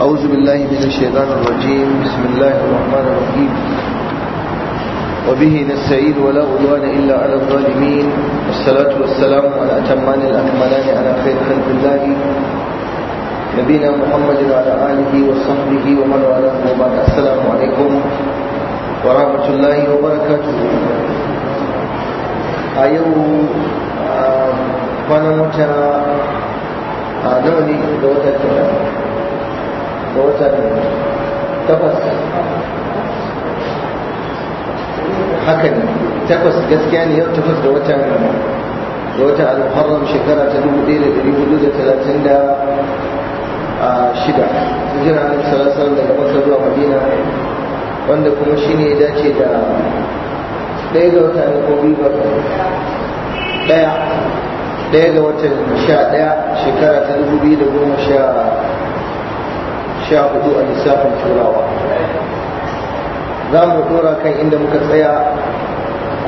أعوذ بالله من الشيطان الرجيم بسم الله الرحمن الرحيم وبه نستعين ولا عدوان إلا على الظالمين والصلاة والسلام على أتمان الأكملان على خير خلق الله نبينا محمد وعلى آله وصحبه ومن والاه وبعد السلام عليكم ورحمة الله وبركاته أيوه كان متى نوني دوتة ga watan takwas haka ne takwas gaskiya ne yau takwas ga watan Da wata al-muharram shekara ta dubu ɗaya da ɗari hudu da talatin da shida hijira na salasar daga makka zuwa madina wanda kuma shi ne dace da ɗaya ga wata ko biyu ga ɗaya ɗaya ga watan sha ɗaya shekara ta dubu biyu da goma sha sha hudu a lissafin turawa za mu dora kan inda muka tsaya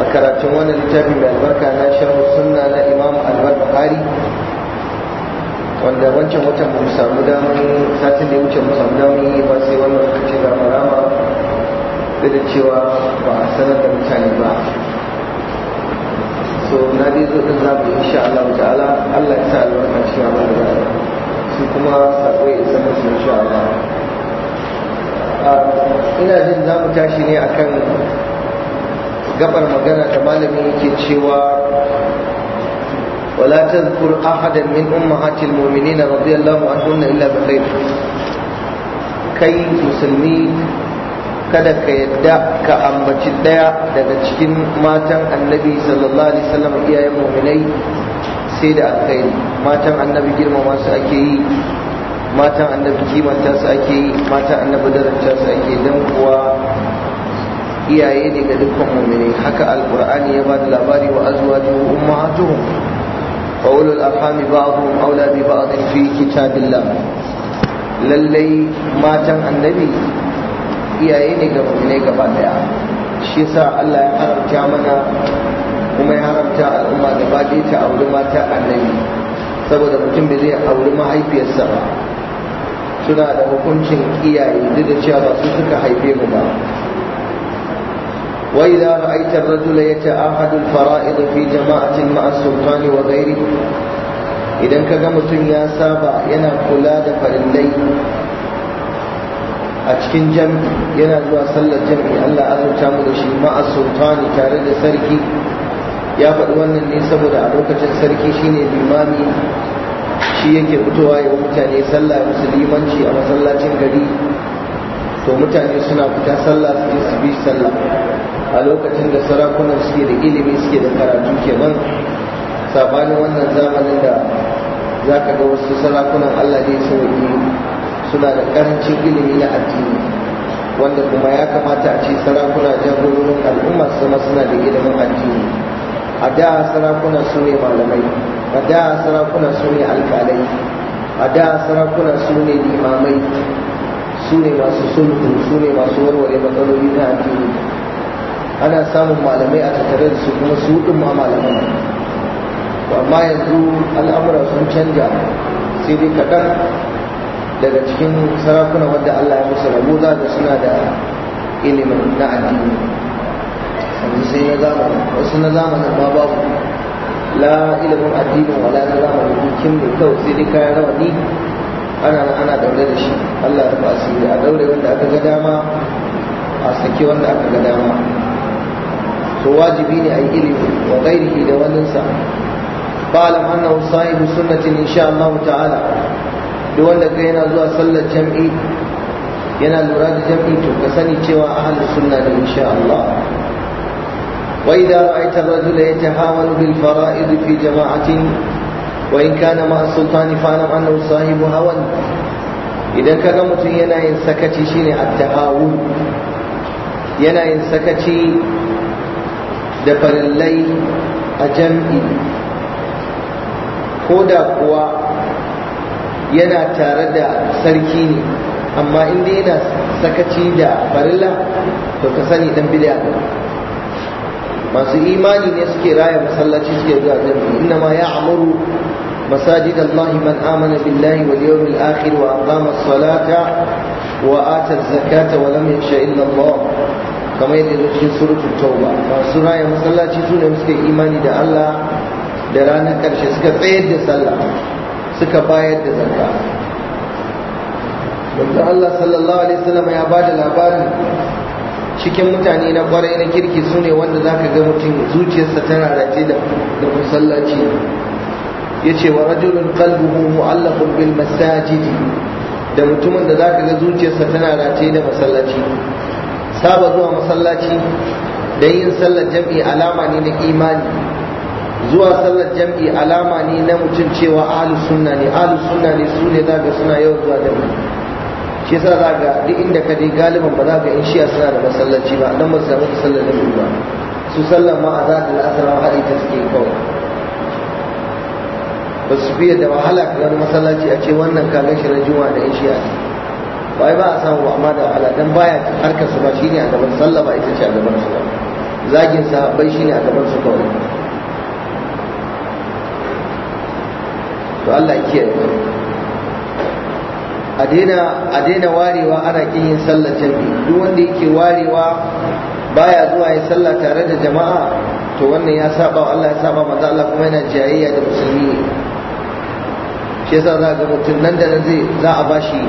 a karatun wannan littafi mai albarka na sharhu sunna na imam albar bukhari wanda wancan watan mu samu damar satin da wuce mu samu damar yi ba sai wannan lokacin da marama da da cewa ba a sanar da mutane ba so na dai zo din za mu insha Allah ta'ala Allah ya sa albarka cikin abin da shi kuma sako isa musu ina jin za mu tashi ne akan gabar magana da malami yake cewa ولا تذكر أحدا من أمهات المؤمنين رضي الله عنهن إلا بخير kai musulmi kada ka yarda ka ambaci ɗaya daga cikin matan annabi sallallahu alaihi wasallam iyayen mu'minai sai da alkhairi matan annabi girmama su ake yi matan annabi kimanta su ake yi matan annabi daranta su ake don kuwa iyaye ne ga dukkan mummune haka alkur'ani ya ba da labari wa da azwajuhu al'afami ba a arhami ba'dhum ba a ba'dhin fi billa lallai matan annabi iyaye ne ga mummune gaba daya shi sa Allah ya haramta mana kuma ya haramta al'umma gaba ɗaya ta auri mata annabi saboda mutum bai zai auri mahaifiyarsa ba suna da hukuncin iyaye duk da cewa ba su suka haife mu ba وإذا رأيت الرجل يتعاهد fi في جماعة مع wa وغيره idan ka ga mutum ya saba yana kula da farillai a cikin jam'i yana zuwa sallar jam'i Allah azurta mu da shi ma'a sultani tare da sarki ya faɗi wannan ne saboda a lokacin sarki shine limami shi yake fitowa ya mutane sallah su limanci a masallacin gari to mutane suna fita sallah su je su bi sallah a lokacin da sarakunan suke da ilimi suke da karatu kenan sabanin wannan zamanin da za ka ga wasu sarakunan allah ne sauki suna da karancin ilimi na addini wanda kuma ya kamata a ce sarakuna jagororin al'umma su suna da ilimin addini a da sarakuna su ne malamai a da sarakuna su ne alkalai a da sarakuna su ne limamai su ne masu sulhu su ne masu warware matsaloli na addini ana samun malamai a tattare da su kuma su ɗin ma malaman amma yanzu al'amura sun canja sai dai kaɗan daga cikin sarakuna wanda Allah ya musu rabu za da suna da ilimin na addini sai na zamani wasu na zamanin ma babu la ilimin addinin wala na zamanin dukin mai kawai sai dai kayan rawani ana ana daure da shi Allah ya ba asiri a daure wanda aka ga dama a sake wanda aka ga dama to wajibi ne a yi ilimi wa gairihi da waninsa fa'alam annahu sahibu sunnatin insha Allah ta'ala duk wanda ga yana zuwa sallar jam'i yana lura da jam'i to ka sani cewa ahlus sunna ne insha Allah وإذا رأيت الرجل يتهاون بالفرائض في جماعة وإن كان مع السلطان فاعلم أنه صاحب هوى إذا كان متن ينعين سكتي شيني التهاون ينعين سكتي دفر الليل أجمعي كودا قوى yana tare da sarki ne amma inda yana sakaci da farilla to ka sani dan bid'a masu imani ne suke raya masallaci suke zuwa jami'i inna ma ya'muru مساجد الله من آمن بالله واليوم الآخر وأقام wa'atar zakata الزكاة ولم يخش إلا الله كما يدل في سورة التوبة فسورة مسلاتي سورة مسك إيماني دا imani da ranar karshe suka tsayar da sallah suka bayar da zakka manzo Allah sallallahu alaihi wasallam ya bada labarin cikin mutane na kwarai na kirki su ne wanda za ka ga mutum zuciyarsa ta rarrace da musallaci ya ce wa rajulun kalbuhu mu'allafun bil masajidi da mutumin da za ka ga zuciyarsa tana rataye da masallaci saba zuwa masallaci da yin sallar jam'i alama ne na imani zuwa sallar jam'i alama ne na mutum cewa ahlus sunna ne ahlus sunna ne su ne za ka suna yau zuwa jam'i shi yasa za ga duk inda ka je galiban ba za ka in shiya suna da masallaci ba don ba su samu sallar da ba su sallar ma a za ta la'asar ma haɗe ta suke kawai ba su fiye da wahala ka wani masallaci a ce wannan ka gashi na juma'a da in shiya ne ba ba a samu amma da wahala dan baya harkar su ba ne a gaban sallah ba ita ce a gaban su ba zagin shi ne a gaban su kawai to Allah ya kiyaye a daina warewa ana kiyin yin sallar jami'i duk wanda yake warewa baya zuwa yin sallah tare da jama'a to wannan ya saba Allah ya saba manzo Allah kuma yana jayayya da musulmi shi yasa za ga mutum nan da zai za a bashi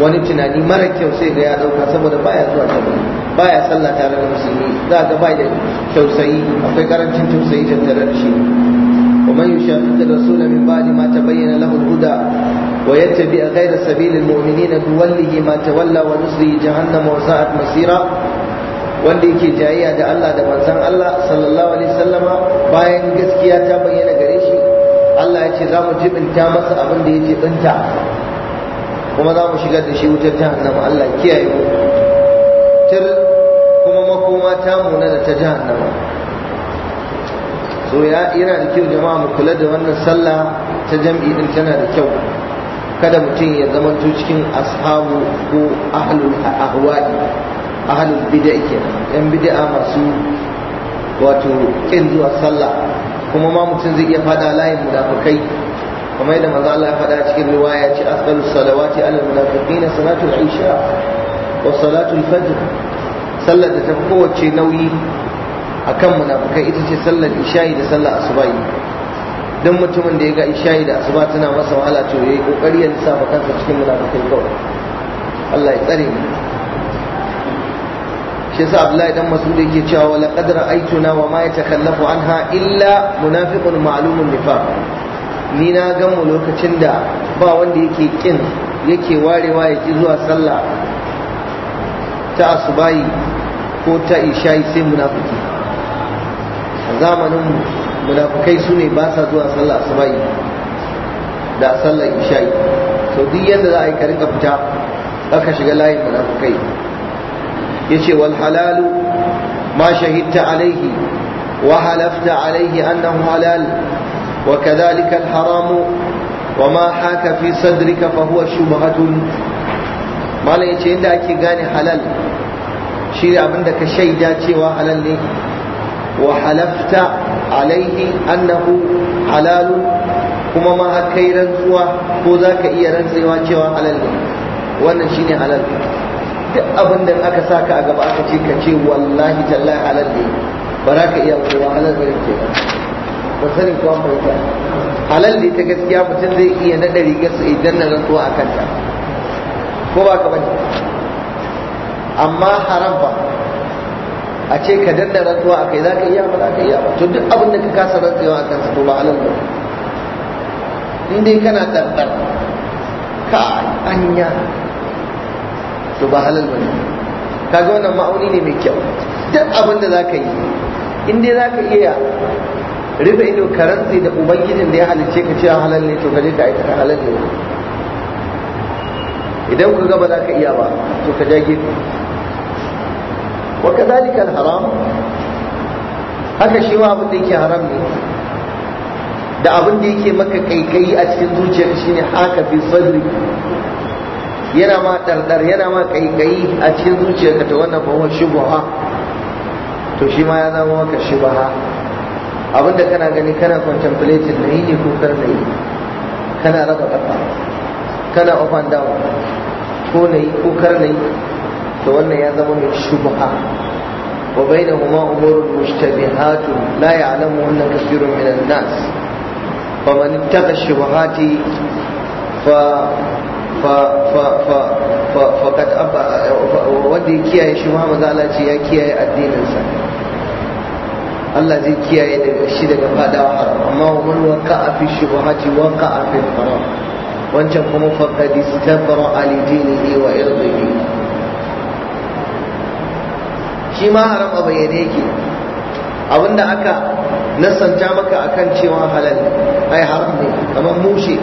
wani tunani mara kyau sai ga ya dauka saboda baya zuwa jami'a baya sallah tare da musulmi za ga bai da tausayi akwai karancin tausayi tattare da shi ومن يشاقق الرسول من بعد ما تبين له الهدى ويتبع غير سبيل المؤمنين نوله ما تولى ونصله جهنم وساءت مسيرا wanda yake jayayya da Allah da manzon Allah sallallahu alaihi wasallama bayan gaskiya ta bayyana gare shi Allah ya ce za mu jibinta masa abin da ya jibinta kuma za mu shigar da shi wutar jahannama Allah kiyaye mu tir kuma makoma ta muna da ta jahannama so ya yana da kyau jama'a mu kula da wannan sallah ta jam'i din tana da kyau kada mutum ya zamanto cikin ashabu ko ahlul ahwa'i ahlul bid'a kenan yan bid'a masu wato kin zuwa sallah kuma ma mutum zai iya fada layin munafikai kuma yadda manzo Allah ya fada cikin riwaya ce asqalu salawati ala munafiqin salatul isha wa salatul fajr sallar da ta kowace nauyi akan munafikai ita ce sallar isha'i da sallar asubahi don mutumin da ya ga isha'i da asuba tana masa wahala to yayi kokari ya sa kansa cikin munafikai kawai Allah ya tsare mu shi yasa Abdullahi dan Mas'ud yake cewa wala qad aituna wa ma yatakallafu anha illa munafiqun ma'lumun nifaq ni na gan mu lokacin da ba wanda yake kin yake warewa ya ki zuwa sallah ta asubayi ko ta isha'i sai munafiki a zamaninmu munafukai su ne ba sa zuwa sallah asuba'i da sallah isha'i to duk yadda za a yi ka rinka fita aka shiga layin munafukai yace wal halalu ma shahidta alaihi wa halafta alaihi annahu halal wa kadhalika al haramu wa ma haka fi sadrika fa huwa shubhatun malai yace inda ake gane halal shi abinda ka shaida cewa halal ne وحلفت عليه أنه حلال kuma ma har kai rantsuwa ko za ka iya rantsewa cewa halal ne wannan shine halal duk abin da aka sa ka a gaba aka ce ka ce wallahi tallahi halal ne ba za ka iya kowa halal ne ke ba sani ko an fahimta halal ne ta gaskiya mutum zai iya naɗa rigar su idan na rantsuwa a kanta ko ba ka bane amma haram ba a ce ka danna rantsuwa kai za ka iya ba za ka iya ba to duk abin da ka kasa rantsuwa a sa to ba halal ba in dai kana tantar ka anya to ba halal ba ne ga wannan ma'auni ne mai kyau duk abin da za ka yi in dai za ka iya rufe ido ka rantsi da ubangijin da ya halice ka cewa halal ne to kaje ka ka halal ne idan ku gaba za ka iya ba to ka ja gefe wa kadhalika al-haram haka shi ma abin da yake haram ne da abin da yake maka kaikayi a cikin zuciyar shi ne haka bi sadri yana ma dardar yana ma kaikayi a cikin zuciyar ka ta wannan ba wa shubha to shi ma ya zama maka shubha abinda kana gani kana contemplating na yi ne ko kar na yi kana raba kafa kana up and down ko na yi ko kar na yi to wannan ya zama mai shubha wa bainahuma umurun mushtabihatun la ya'lamuhunna kathirun min an-nas faman ittaqa ash-shubuhati fa fa fa fa fa faqad aba wanda ya kiyaye shubha maza Allah ce ya kiyaye addininsa Allah zai kiyaye daga shi daga fadawa haram amma wa man waqa'a fi shubuhati waqa'a fi haram wancan kuma faqad istabra ali dinihi wa irdihi shi ma haram a bayyane yake abinda aka nasanta maka akan cewa halal ai haram ne kamar mushe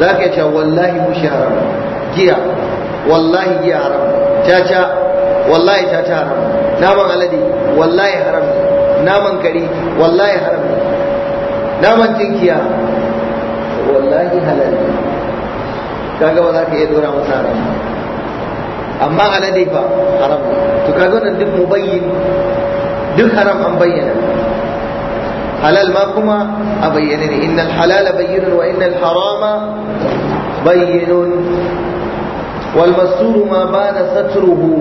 za ka ce wallahi mushe haram giya wallahi giya haram caca wallahi caca haram naman alade wallahi haram naman kare wallahi haram naman tinkiya wallahi halal kaga ba za ka iya dora masa haram amma alade fa haram ne to kaga wannan duk mubayyin duk haram an bayyana halal ma kuma a bayyane ne innal halala bayyinun wa innal harama bayyinun wal masuru ma bana satruhu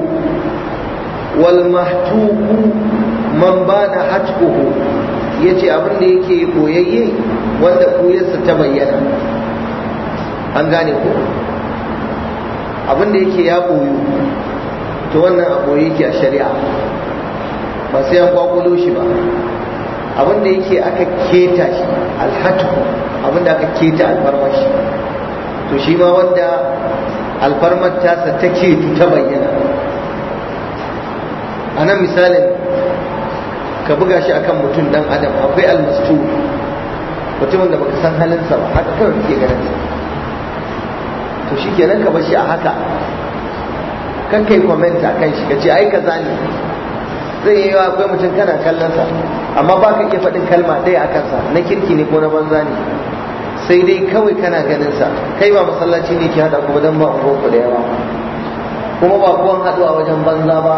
wal mahtuku man bana hatquhu yace abin da yake koyayye wanda koyarsa ta bayyana an gane ko abin da yake ya koyo to wannan a koyo yake a shari'a ba sai an kwakwalo shi ba abin da yake aka keta shi alhatu abin da aka keta alfarmar shi to shi ma wanda alfarmar tasa ta ketu ta bayyana a nan misalin ka buga shi akan mutum dan adam akwai almastu mutumin da baka san halinsa ba haka kawai ke ganin to shi kenan ka bashi a haka kan kai comment a kan shi ka ce ai kaza ne zai yi wa akwai mutum kana kallon sa amma ba ka iya faɗin kalma ɗaya a kansa na kirki ne ko na banza ne sai dai kawai kana ganin sa kai ba masallaci ne ke haɗa kuma don ba ku da yawa kuma ba kuwan haɗuwa wajen banza ba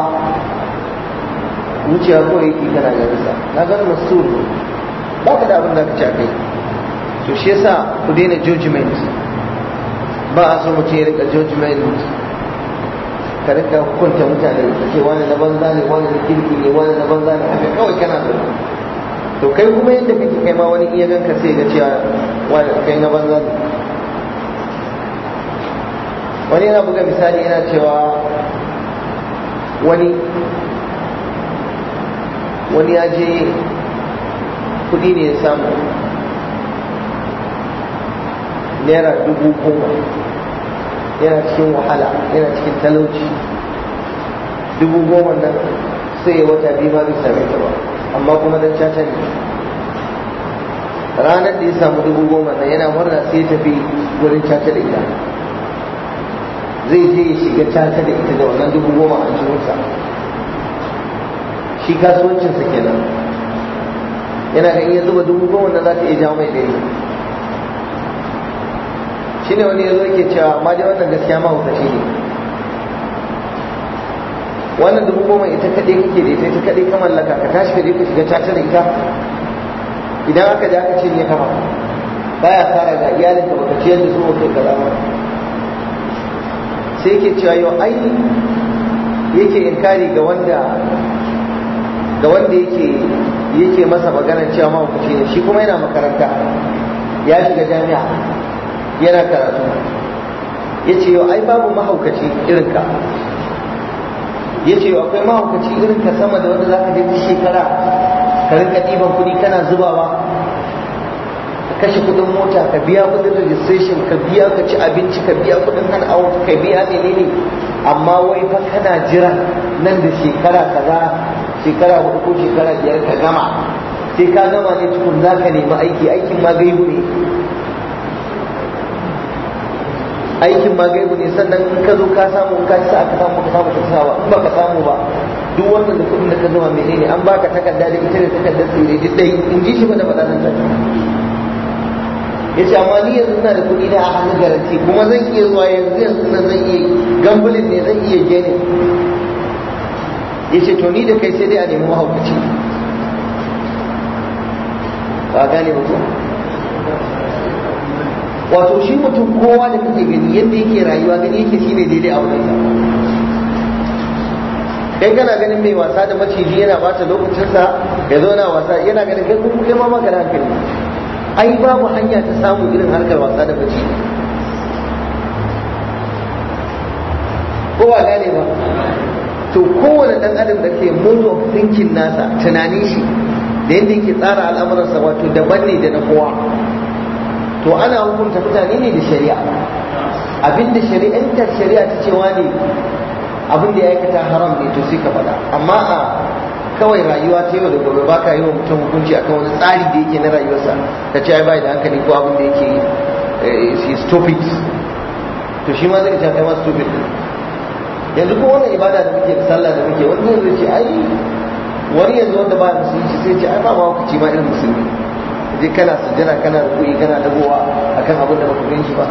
wucewa ko yake kana ganin sa na ganin masu ba ka da abin da ka ce a kai to shi yasa ku daina judgment ba a so mutum ya rika judgment ka rika hukunta mutane ka ce wani na banza ne wani na kirki ne wani na banza ne haka kawai kana so to kai kuma yadda kake kai ma wani iya ganka sai ga cewa wani kai na banza ne wani yana buga misali yana cewa wani wani ya je kudi ne ya samu naira dubu goma yana cikin wahala yana cikin talauci dubu goma nan sai ya wata biyu ma bai same ta ba amma kuma dan caca ne ranar da ya samu dubu goma nan yana murna sai ya tafi wurin caca da ita zai je ya shiga caca da ita da wannan dubu goma a jikinsa shi kasuwancinsa kenan yana ganin ya zuba dubu goma na za ta iya jawo mai dare ne wani zo yake cewa amma dai wannan gaskiya ma wuta ne wannan dubu goma ita kaɗai kake da ita ita kaɗai ka mallaka ka tashi ka je ka shiga caca da ita idan aka da aka kama. Ba baya fara iyalin iyalinka baka ciyar da su ba kai kaza ba sai yake cewa yau ai yake inkari ga wanda ga wanda yake yake masa magana cewa ma ne shi kuma yana makaranta ya shiga jami'a yana karatu ya ce yau ai babu mahaukaci irin ka ya ce yau akwai mahaukaci irinka sama da wanda za ka daidai shekara ka rinka ɗiban kuɗi kana zubawa ka kashe kuɗin mota ka biya kuɗin registration ka biya ka ci abinci ka biya kuɗin hana out ka biya menene amma wai fa kana jira nan da shekara kaza shekara hudu ko shekara biyar ka gama sai ka gama ne tukun za ka nemi aiki aikin ma gaibu ne aikin ma gaibu ne sannan in ka zo ka samu ka ci sa ka samu ka samu ka in ba ka samu ba duk wannan da kudin da ka zama ne an baka takarda da ita da takardar tsire duk dai in ji shi ba da faɗa nan ta ya ce amma ni yanzu ina da kuɗi da a hannun garanti kuma zan iya zuwa yanzu yanzu na zan iya gambulin ne zan iya gene ya ce to ni da kai sai dai a nemi mahaukaci ba gane ba wato shi mutum kowa da kake gani yadda yake rayuwa gani yake shine daidai a wurin kai kana ganin mai wasa da maciji yana bata lokacinsa ya zo wasa yana ganin kai kuma kai ma maka da hankali ai babu hanya ta samu irin harkar wasa da maciji ko ba gane ba to kowane dan adam da ke modo thinking nasa tunanin shi da yadda yake tsara al'amuransa wato daban ne da na kowa to ana hukunta mutane ne da shari'a abinda shari'antar shari'a ta cewa ne abin da ya aikata haram ne to sai ka faɗa amma a kawai rayuwa ta yau da gobe ba ka yi wa mutum hukunci akan wani tsari da yake na rayuwarsa ka ce ai bai da hankali ko abin da yake yi eh, stupid to shi ma zai ce kai ma stupid yanzu ko wannan ibada da muke da sallah da muke wani zai ce ai wani yanzu wanda ba musulunci sai ce ai ba ma hukunci ma irin musulmi je kana sujjana kana rukuni kana dagowa akan abin da baka gan shi ba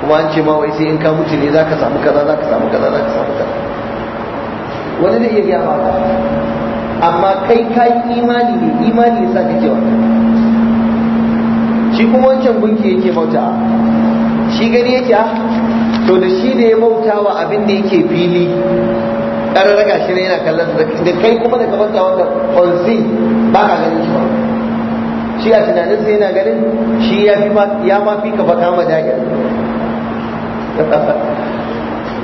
kuma an ce ma wai sai in ka mutu ne zaka samu kaza zaka samu kaza zaka samu kaza wani da iya gaya ba amma kai ka yi imani ne imani ya sa ce wata shi kuma wancan gunki yake bauta shi gani yake a ah, to da shi da ya bauta wa abin da yake fili ɗan raga shi ne yana kallon da kai kuma da ka bauta wanda on ba ka ganin shi ba shi a tunanin sai yana ganin shi ya ma fi ka baka ma dagin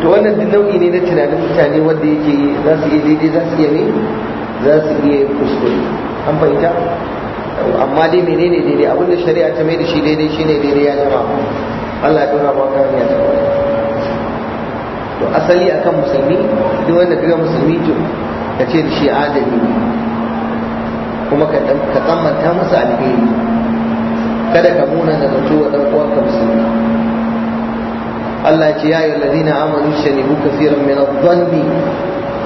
to wannan din nau'i ne na tunanin mutane wanda yake za su iya daidai za su iya ne za su iya kuskure an fahimta amma dai menene daidai abinda shari'a ta mai da shi daidai shine daidai ya jama Allah ya dora ba ka ya ta to asali akan musulmi duk wanda kaga musulmi to kace da shi adami ne kuma ka tsammanta masa alheri kada ka muna da zato wa dan uwanka musulmi Allah ya ce ya ayyuhal ladina amanu shanibu kaseeran min adh-dhanni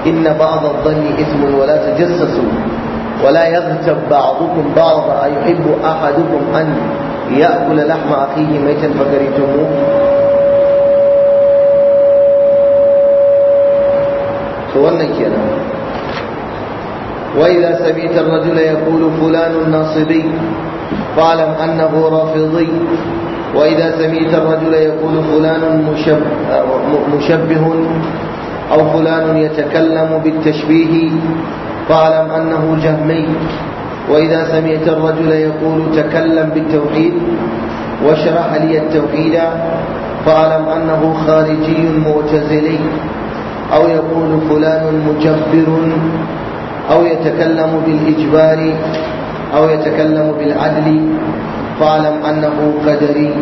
inna ba'd adh-dhanni ithmun wa la tajassasu wa la yaghtab ba'dukum ba'dha ayuhibbu ahadukum an ya'kula lahma akhihi maytan fakaritumu to wannan kenan وإذا سمعت الرجل يقول فلان ناصبي فاعلم أنه رافضي وإذا سمعت الرجل يقول فلان مشبه, أو فلان يتكلم بالتشبيه فاعلم أنه جهمي وإذا سمعت الرجل يقول تكلم بالتوحيد واشرح لي التوحيد فاعلم أنه خارجي معتزلي أو يقول فلان مجبر أو يتكلم بالإجبار أو يتكلم بالعدل فاعلم أنه قدري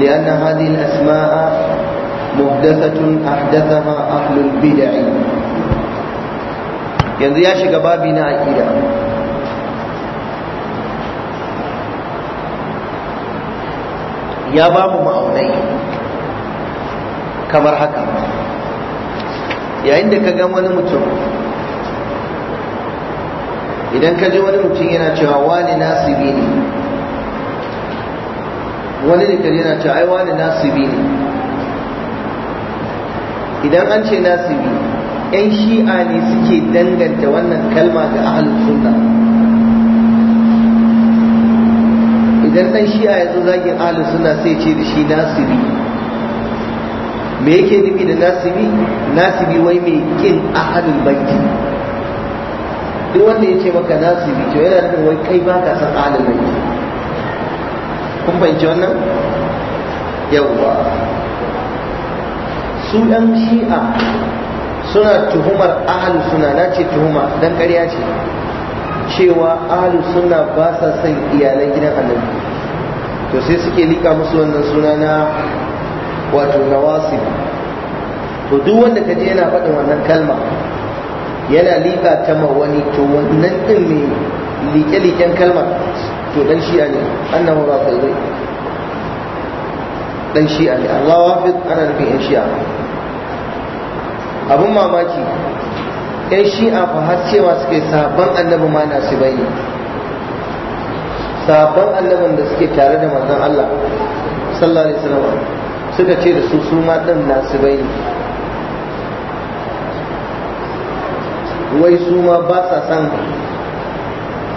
لأن هذه الأسماء محدثة أحدثها أهل البدع yanzu ya shiga babi na aƙida ya ba mu ma'aunai kamar haka yayin da ka ga wani mutum idan ka ji wani mutum yana cewa wani nasibi ne wani da yana cewa ai wani nasibi ne idan an ce nasibi yan shi'a ne suke danganta wannan kalma ga ahalin sunna idan dan shi'a ya zo zagin ahlus sunna sai ce da shi nasibi me yake nufi da nasibi nasibi wai mai kin ahalin banki? duk wanda ya ce maka nasibi to yana nufin wai kai ba ka san ahalin mai kun fahimci wannan yawwa su ɗan shi'a suna tuhumar ahalin suna na ce tuhuma don ƙarya ce cewa ahalin suna ba sa son iyalan gidan annabi to sai suke liƙa musu wannan suna na wato nawasib to duk wanda ka je yana faɗin wannan kalma yana liƙa ta ma wani to wannan din ne liƙe-liƙen kalmar to ɗan shi'a ne annan ba kalmai zai ɗan shi'a ne Allah wafi ana nufin yan shi'a abun mamaki yan shi'a fa har cewa suke sabon annabi ma na su bai ne sabon annabin da suke tare da manzon Allah sallallahu alaihi wasallam suka ce da su su ma ɗin na su ne wai su ma ba sa san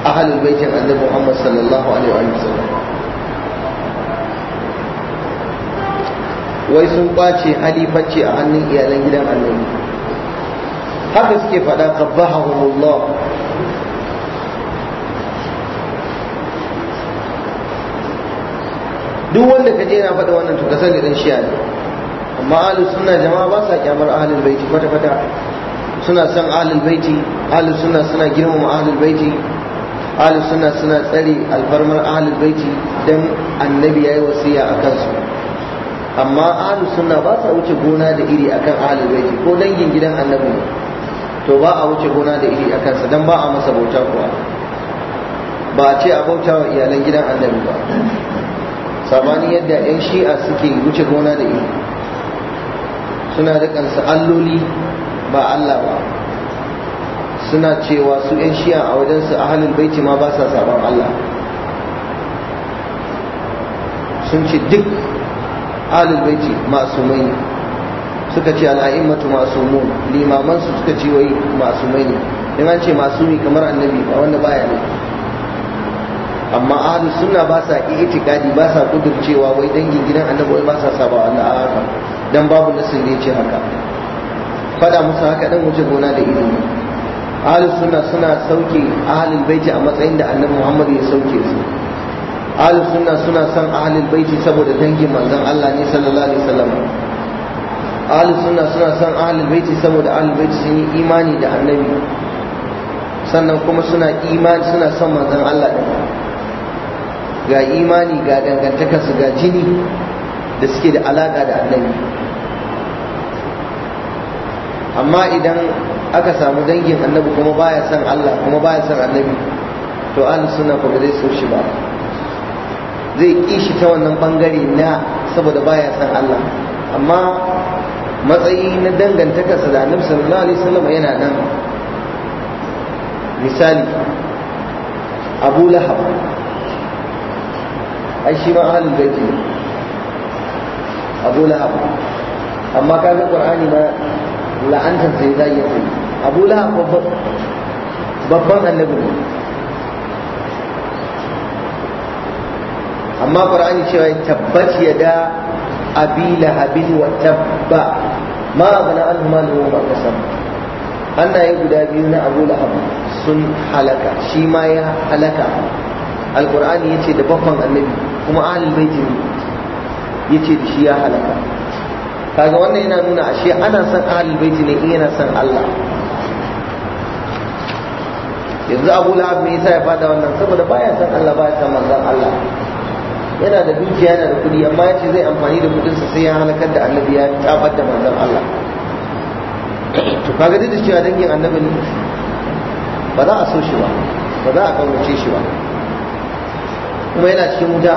ahalin baitin annabi Muhammad sallallahu alaihi wa sallam wai sun kwace halifacci a hannun iyalan gidan annabi haka suke faɗa qabbahumullah duk wanda ka je yana faɗa wannan to ka sani dan shiya ne amma ahlus sunna jama'a ba sa kyamar ahalin baiti kwata kwata suna son ahlul baiti ahlul sunna suna girmama ahlul baiti ahlul sunna suna tsare alfarmar ahlul baiti dan annabi yayi wasiya akan su amma ahlul sunna ba sa wuce gona da iri akan ahlul baiti ko dangin gidan annabi to ba a wuce gona da iri akan sa dan ba a masa bauta kuwa ba a ce a bauta wa iyalan gidan annabi ba sabani yadda yan shi'a suke wuce gona da iri suna rikansa alloli ba Allah ba suna cewa su 'yan shiya a wajensu halin baiti ma ba sa saban Allah sun ce duk ahalul baiti masu mai suka ce al'a'immatu masu limaman su suka ce wai mai ne in an ce masumi kamar annabi ba wanda baya ne amma ahalus sunna ba sa itikadi ba sa cewa wai dangin gidan annabi wai ba sa saba Allah a haka dan babu nasin ne ya ce haka faɗa musu haka dan wuce gona da ilimi ahlus sunna suna sauke ahalin baiti a matsayin da annabi Muhammad ya sauke su ahlus sunna suna son ahalin baiti saboda dangin manzon Allah ne sallallahu alaihi wasallam ahlus sunna suna son ahalin baiti saboda ahlul baiti sun yi imani da annabi sannan kuma suna imani suna son manzon Allah din ga imani ga dangantakarsu ga jini da suke da alaka da annabi amma idan aka samu dangin annabi kuma baya son Allah kuma baya son annabi to an suna kuma zai so shi ba zai kishi ta wannan bangare na saboda baya son Allah amma matsayi na dangantakarsa da annabi sallallahu alaihi wasallam yana nan misali abu lahab ai shi ma ahalin baiti abu lahab amma kan qur'ani ma la'antar sai za ya tsaye abu lahab babban annabi ne amma qur'ani cewa tabbat ya yada abi lahabin wa tabba ma abana an malu wa kasam annaye guda biyu na abu lahab sun halaka shi ma ya halaka ya ce da babban annabi kuma ahlul ya ce da shi ya halaka kaga wannan yana nuna ashe ana son ahlul baiti ne in eh, yana son Allah yanzu Abu Lahab me yasa ya fada wannan saboda baya son Allah baya son manzon Allah yana da dukiya yana da kudi amma yace zai amfani da kudin sa sai ya halakar da annabi ya tabbata da manzon Allah to kaga duk da cewa dangin annabi ne ba za a so shi ba ba za a kaunace shi ba kuma yana cikin wuta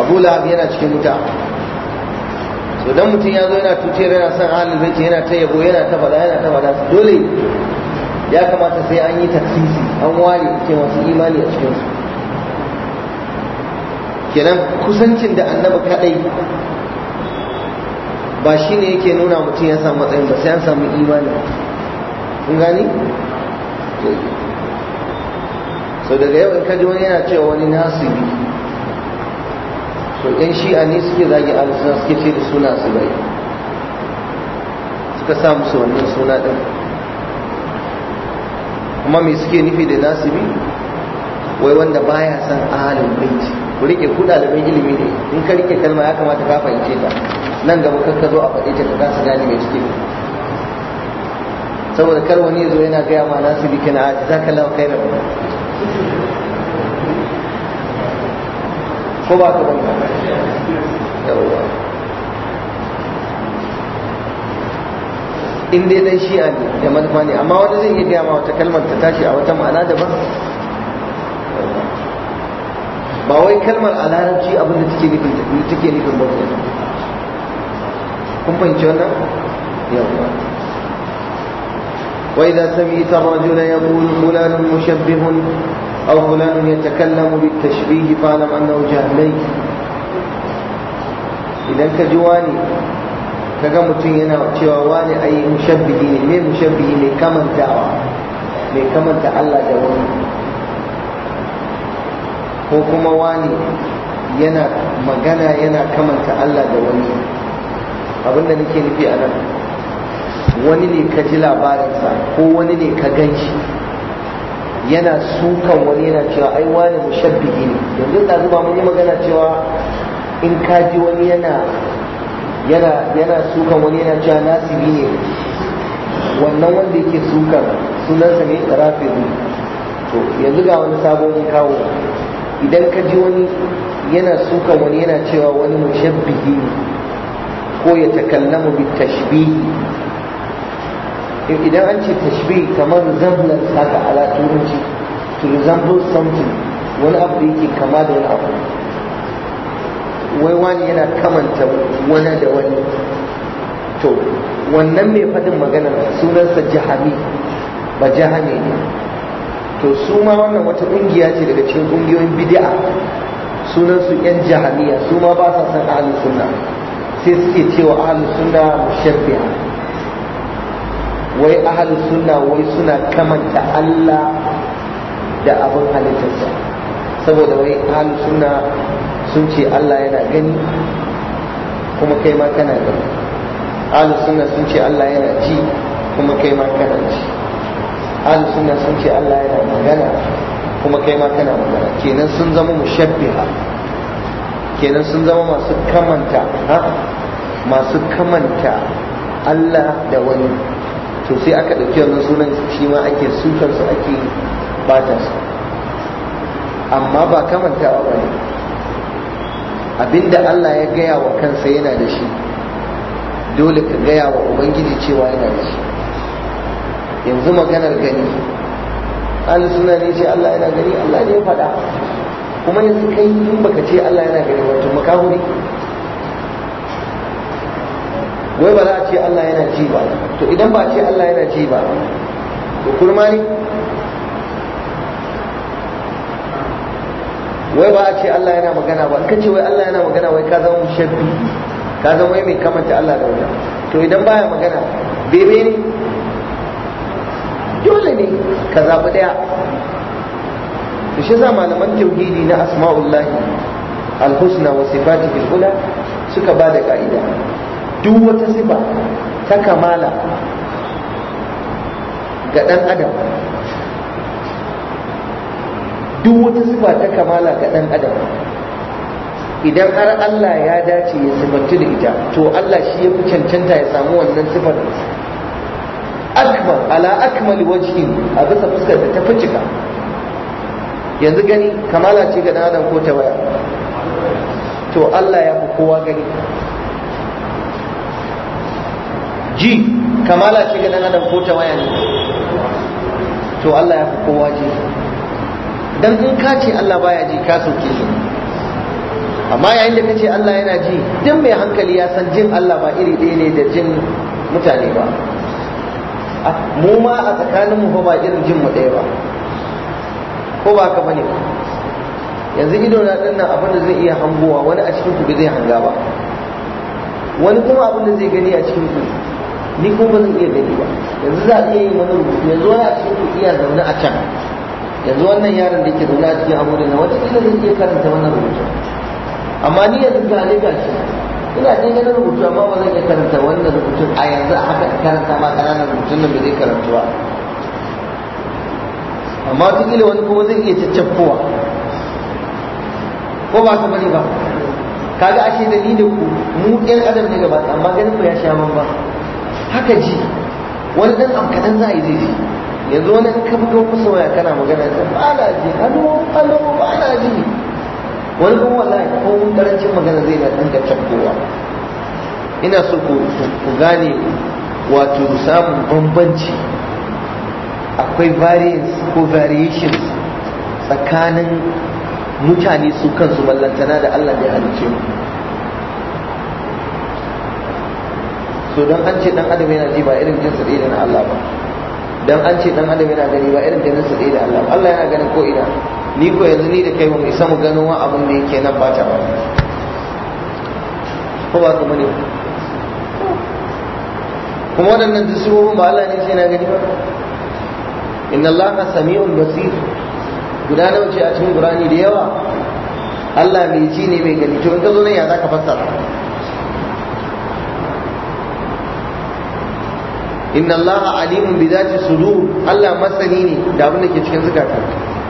Abu Lahab yana cikin wuta so dan mutum ya zo yana tuce yana son halin zai yana ta yabo yana ta faɗa yana ta faɗa dole ya kamata sai an yi taksisi an ware ke masu imani a cikin su kenan kusancin da annabi kadai ba shi ne yake nuna mutum ya samu matsayin ba sai an samu imani kun gani so daga yau in kaji wani yana cewa wani nasu yi. to ɗan shi'a ne suke zagin suna suke ce da suna su bai suka sa musu wannan suna ɗin kuma me suke nufi da nasibi wai wanda baya san ahalin baiti ku rike da mai ilimi ne in ka rike kalma ya kamata ka fahimce ta nan gaba kan ka zo a faɗi ta ka su gane mai suke saboda kar wani zo yana gaya ma nasibi kana a kai khairan ko ba ta bane yawa in dai dan shi'a ne da manufa ne amma wani zai iya gaya ma wata kalmar ta tashi a wata ma'ana da ba Ba wai kalmar a larabci abinda take nufin da take nufin ba ne kun fahimci wannan yawa وإذا سمعت الرجل يقول فلان مشبه أو فلان يتكلم بالتشبيه فاعلم أنه جهلي إذا كجواني kaga mutum yana cewa wani ai mushabbihi ne me mushabbihi mai kamantawa kamanta Allah da wani ko kuma wani yana magana yana kamanta Allah da wani nake nufi a wani ne ka ji labarinsa ko wani ne ka gan shi yana sukan wani yana cewa ai wani mushabbihi ne yanzu da zuba mun yi magana cewa in ka ji wani yana yana yana sukan wani yana cewa nasibi ne wannan wanda yake sukan sunansa ne rafidu to yanzu ga wani sabon kawo idan ka ji wani yana sukan wani yana cewa wani mushabbihi ne ko ya takallamu bi tashbihi idan an ce tashbi kamar resemblance haka ala turanci to resemble something wani abu da yake kama da wani abu wai wani yana kamanta wani da wani to wannan mai faɗin magana sunansa jahami ba jahami ne to su ma wannan wata ƙungiya ce daga cikin ƙungiyoyin bid'a sunansu yan jahamiya su ma ba sa san ahlus sunna sai suke cewa ahlus sunna mushabbiha wai ahal suna wai suna kamanta Allah da abin halittarsa saboda wai ahal suna sun ce Allah yana gani kuma kai ma kana gani ahal suna sun ce Allah yana ji kuma kai ma kana ji ahal suna sun ce Allah yana magana kuma kai ma kana magana kenan sun zama mushabbiha kenan sun zama masu kamanta masu kamanta Allah da wani to sai aka ɗauki wannan sunan shi ma ake sukar su ake bata su amma ba kamantawa ba ne abinda Allah ya gaya wa kansa yana da shi dole ka gaya wa ubangiji cewa yana da shi yanzu maganar gani an suna ne ce Allah yana gani Allah ne ya faɗa kuma yanzu kai in baka ce Allah yana gani wato makaho ne wai ba za a ce Allah yana ji ba to idan ba a ce Allah yana ji ba to kurma ne wai ba a ce Allah yana magana ba in ka ce wai Allah yana magana wai ka zama shabbi ka zama wai mai kamanta Allah da wani to idan baya magana bebe ne dole ne ka zaɓi ɗaya shi sa malaman tauhidi na asma'ullahi al-husna wa sifatihi al-ula suka ba da ka'ida duk wata sifa ta kamala ga ɗan adam duk wata sifa ta kamala ga ɗan adam idan har Allah ya dace ya sifanci da ita to Allah shi ya fi cancanta ya samu wannan sifar akmal ala akmal wajhi a bisa fuskar da ta cika yanzu gani kamala ce ga ɗan adam ko ta waya to Allah ya fi kowa gani ji kamala ce ga dan adam ko ta waya ne to Allah ya fi kowa ji dan in ka ce Allah baya ji ka soke shi amma yayin da kace Allah yana ji duk mai hankali ya san jin Allah ba iri ɗaya ne da jin mutane ba ah, mu ma a tsakaninmu fa ba irin jin mu ɗaya ba ko ba ka bane yanzu ido na ɗin nan abin da zai iya hangowa wani a cikin ku zai hanga ba wani kuma abin da zai gani a cikin ku ni kuma ba zan iya gani ba yanzu za a iya yi wani rubutu yanzu wani a cikin iya zaune a can yanzu wannan yaron da ke zaune a cikin abu da na wata kila zai iya karanta wannan rubutu amma ni yanzu ga ne ga shi ina jin ganin rubutu amma ba zan iya karanta wannan rubutu a yanzu a haka karanta ma ƙananan rubutun nan da zai karantu ba amma wata kila wani kuma zai iya caccafowa ko ba ta bari ba kaga ashe da ni da ku mu ɗan adam ne gaba amma ganin ku ya sha man ba haka ji wani dan abu kaɗan za a yi daidai yanzu wani ka buga kusa waya kana magana ta ba na ji hannu hannu ba na ji wani kuma wallahi ko karancin magana zai na ɗan gaccakowa ina so ku gane wato samun bambanci akwai variance ko variations tsakanin mutane su kansu ballantana da Allah ya halice mu so don an ce dan adam yana ji ba irin jinsa ɗaya na Allah ba dan an ce dan adam yana gani ba irin jinsa ɗaya da Allah Allah yana ganin ko ina ni ko yanzu ni da kai ba mu isa mu gano wa abun da yake nan ta ba ko ba ka bane kuma wannan duk sifofin ba Allah ne sai na gani ba inna Allah sami'un basir guda nawa ce a cikin Qur'ani da yawa Allah mai ji ne mai gani to in ka zo nan ya zaka fassara inna Allah alimun bi zati sudur Allah masani ne da abin da ke cikin zukata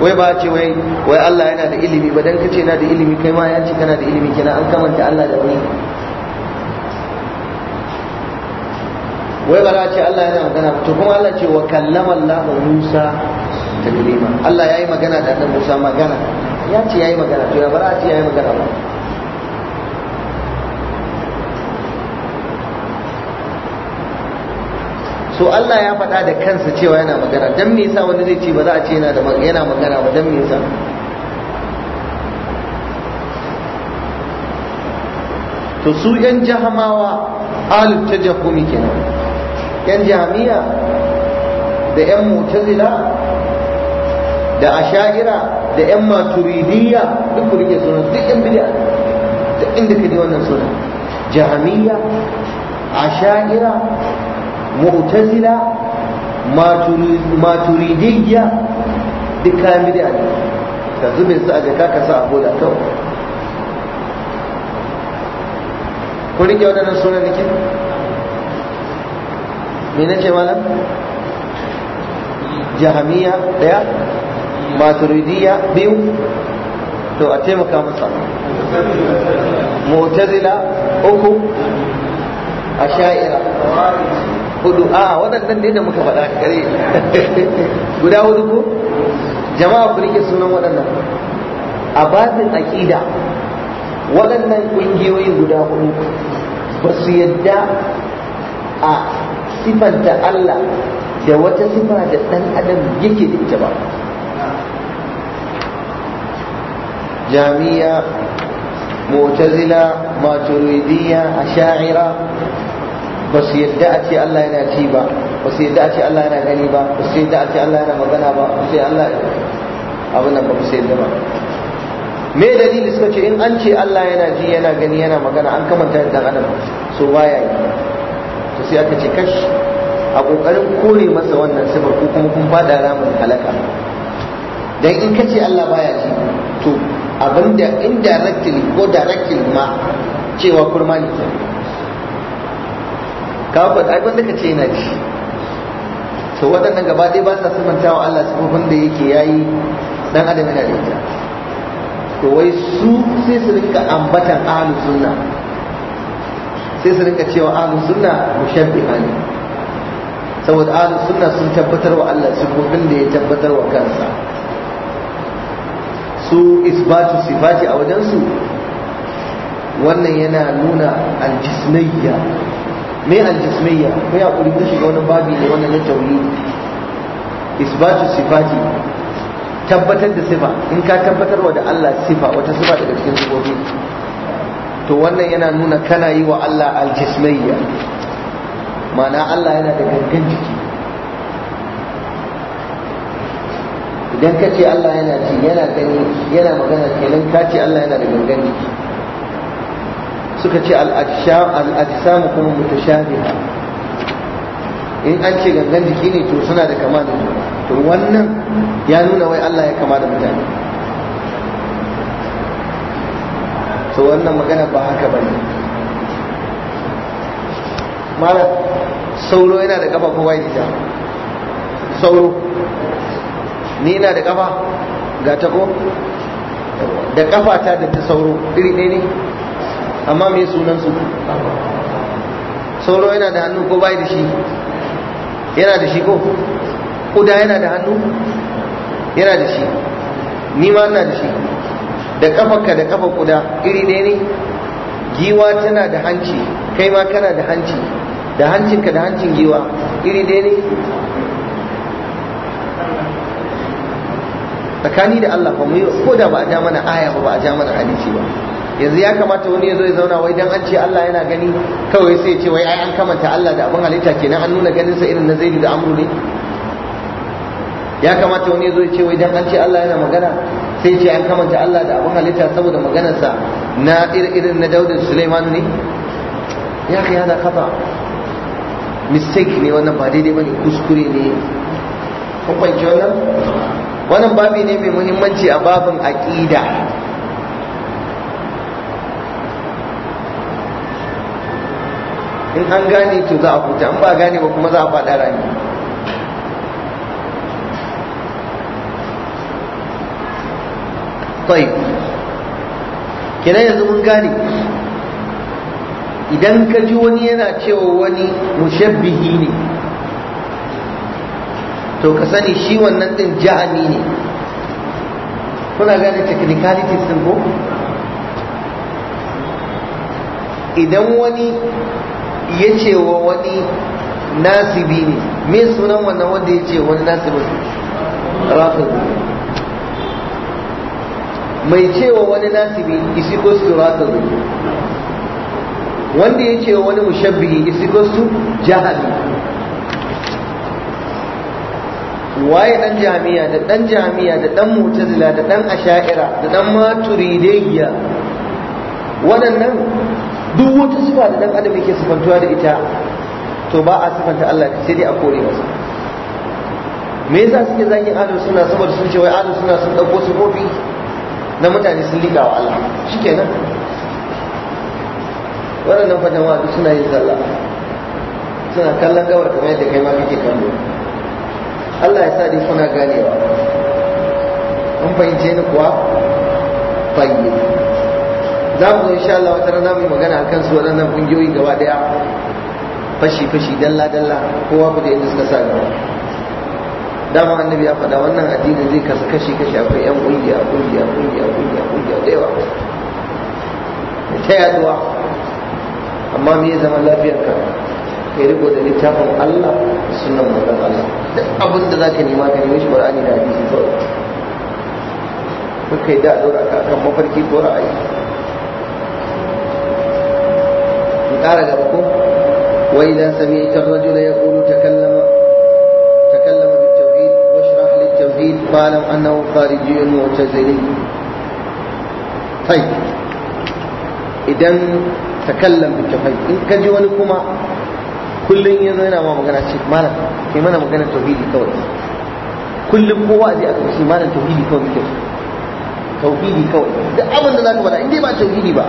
wai ba ce wai wai Allah yana da ilimi ba dan kace yana da ilimi kai ma ya ce kana da ilimi Kina an kamanta Allah da wani wai ba ce Allah yana magana to kuma Allah ce wa kallama Allah Musa taklima Allah yayi magana da Annabi Musa magana ya ce yayi magana to ya bara ce yayi magana ba so Allah ya faɗa da kansa cewa yana magana dan me yasa wani zai ce ba za a ce yana da yana magana ba dan me yasa to su yan jahamawa al tajahumi kenan yan jami'a da yan mu'tazila da asha'ira da yan maturidiyya duk ku rike sunan duk yan bid'a duk inda kake wannan sunan jahamiya asha'ira mu'tazila maturidiyya duk kayan bid'a ne ka zube su a jaka ka sa a bola kawai ku rike waɗannan sunan nake me na ce malam jahamiya ɗaya maturidiyya biyu to a taimaka masa mu'tazila uku a sha'ira hudu a waɗannan ne da muka faɗa kare guda hudu ko jama'a ku rike sunan waɗannan a babin aƙida waɗannan ƙungiyoyi guda hudu ba su yadda a sifanta Allah da wata sifa da ɗan adam yake da ita ba jami'a mu'tazila maturidiyya sha'ira ba su yadda a ce Allah yana ji ba ba su yadda a ce Allah yana gani ba ba su yadda a ce Allah yana magana ba ba su Allah abin nan ba su yadda ba me dalili suka ce in an ce Allah yana ji yana gani yana magana an kamanta da adam so ya yi to sai aka ce kash a kokarin kore masa wannan sifar ko kuma kun bada ramin halaka dan in kace Allah baya ji to abinda indirectly ko directly ma cewa kurma ne ka faɗa abin da ka ce na ci to waɗannan gaba ɗaya ba sa sumanta wa Allah sifofin da yake yayi dan adam yana da ita to wai su sai su rinka ambatan ahlus sunna sai su rinka cewa ahlus sunna mushabbiha ne saboda ahlus sunna sun tabbatar wa Allah sifofin da ya tabbatar wa kansa su isbatu sifati a wajensu wannan yana nuna aljisnayya me aljismiya ko ya kuri mun shiga wani babi ne wannan na tauri isbatu sifati tabbatar da sifa in ka tabbatar wa da Allah sifa wata sifa daga cikin sifofi to wannan yana nuna kana yi wa Allah aljismiya ma'ana Allah yana da gangan jiki idan ka ce Allah yana ji yana gani yana magana kenan ka ce Allah yana da gangan jiki suka ce al'ajisamu kuma mutashabiha in an ce gangan jiki ne to suna da kama da to wannan ya nuna wai Allah ya kama da mutane to wannan magana ba haka ba ne mara sauro yana da kafa ko bai da sauro ni ina da kafa ga ta ko da kafa ta da ta sauro iri ɗaya ne amma me sunan su sauro yana da hannu ko bai da shi yana da shi ko kuda yana da hannu yana da shi ni ma da shi da kafarka da kafar kuda iri ɗaya ne giwa tana da hanci kai ma kana da hanci da hancinka da hancin giwa iri ɗaya ne tsakani da Allah ba mu yi ko da ba a ja mana aya ba ba a ja mana hadisi ba yanzu ya kamata wani ya zo ya zauna wai dan an ce Allah yana gani kawai sai ce wai ai an kamanta Allah da abin halitta kenan an nuna ganin sa irin na Zaidu da Amru ne ya kamata wani ya zo ya ce wai dan an ce Allah yana magana sai ce an kamanta Allah da abin halitta saboda maganarsa na irin na Dawud da Sulaiman ne ya kai hada kafa mistake ne wannan ba daidai bane kuskure ne kun wannan wannan babi ne mai muhimmanci a babin aqida in an gane to za a huta in ba gane ba kuma za a faɗa rami tsayi yanzu mun gane idan ka ji wani yana cewa wani mushabbihi ne to ka sani shi wannan din jahami ne kuna gane technicalities sun ko idan wani ya ce wa wani nasibi ne mai sunan wannan wanda ya ce wani nasibin rafin mai cewa wani nasibi isi gostu rafin wanda ya ce wani mushabbi isi gostu jahali waye dan jami'a da dan jami'a da dan mu'tazila da dan asha'ira da dan maturidiyya waɗannan duk wata sifa da dan adam yake sifantuwa da ita to ba a sifanta Allah sai dai a kore masa me yasa suke zagin ahlus suna saboda sun ce wai ahlus suna sun dauko sifofi na mutane sun liƙa wa Allah shikenan waɗannan fatan wa suna yin sallah suna kallon gawar kamar yadda kai ma kake kallo Allah ya sa dai kuna ganewa an fahimce ni kuwa fayyi za mu zai sha Allah wata rana mu magana a su waɗannan ƙungiyoyi gaba daya fashi fashi dalla dalla kowa ku da yadda suka sa gaba dama annabi ya faɗa wannan addini zai kasu kashi kashi akwai yan ƙungiya ƙungiya ƙungiya ƙungiya ƙungiya da yawa ta yaduwa amma me zama lafiyarka kai riko da littafin Allah da sunan manzon Allah duk abin da zaka nema ka nemi shi Qur'ani da hadisi kawai kai da dora ka kan mafarki ko ra'ayi ƙara gaba ko سمعت الرجل يقول تكلم تكلم بالتوحيد واشرح takallama bit-tauhid washrah lit-tauhid fa'lam annahu kharijiyyun mu'tazili tayyib idan in ka ji wani kuma kullum ya zo yana ma magana ce malam ke mana magana tauhidi kawai kullum kowa zai aka ce malam tauhidi kawai muke tauhidi kawai duk abin da zaka faɗa in dai ba tauhidi ba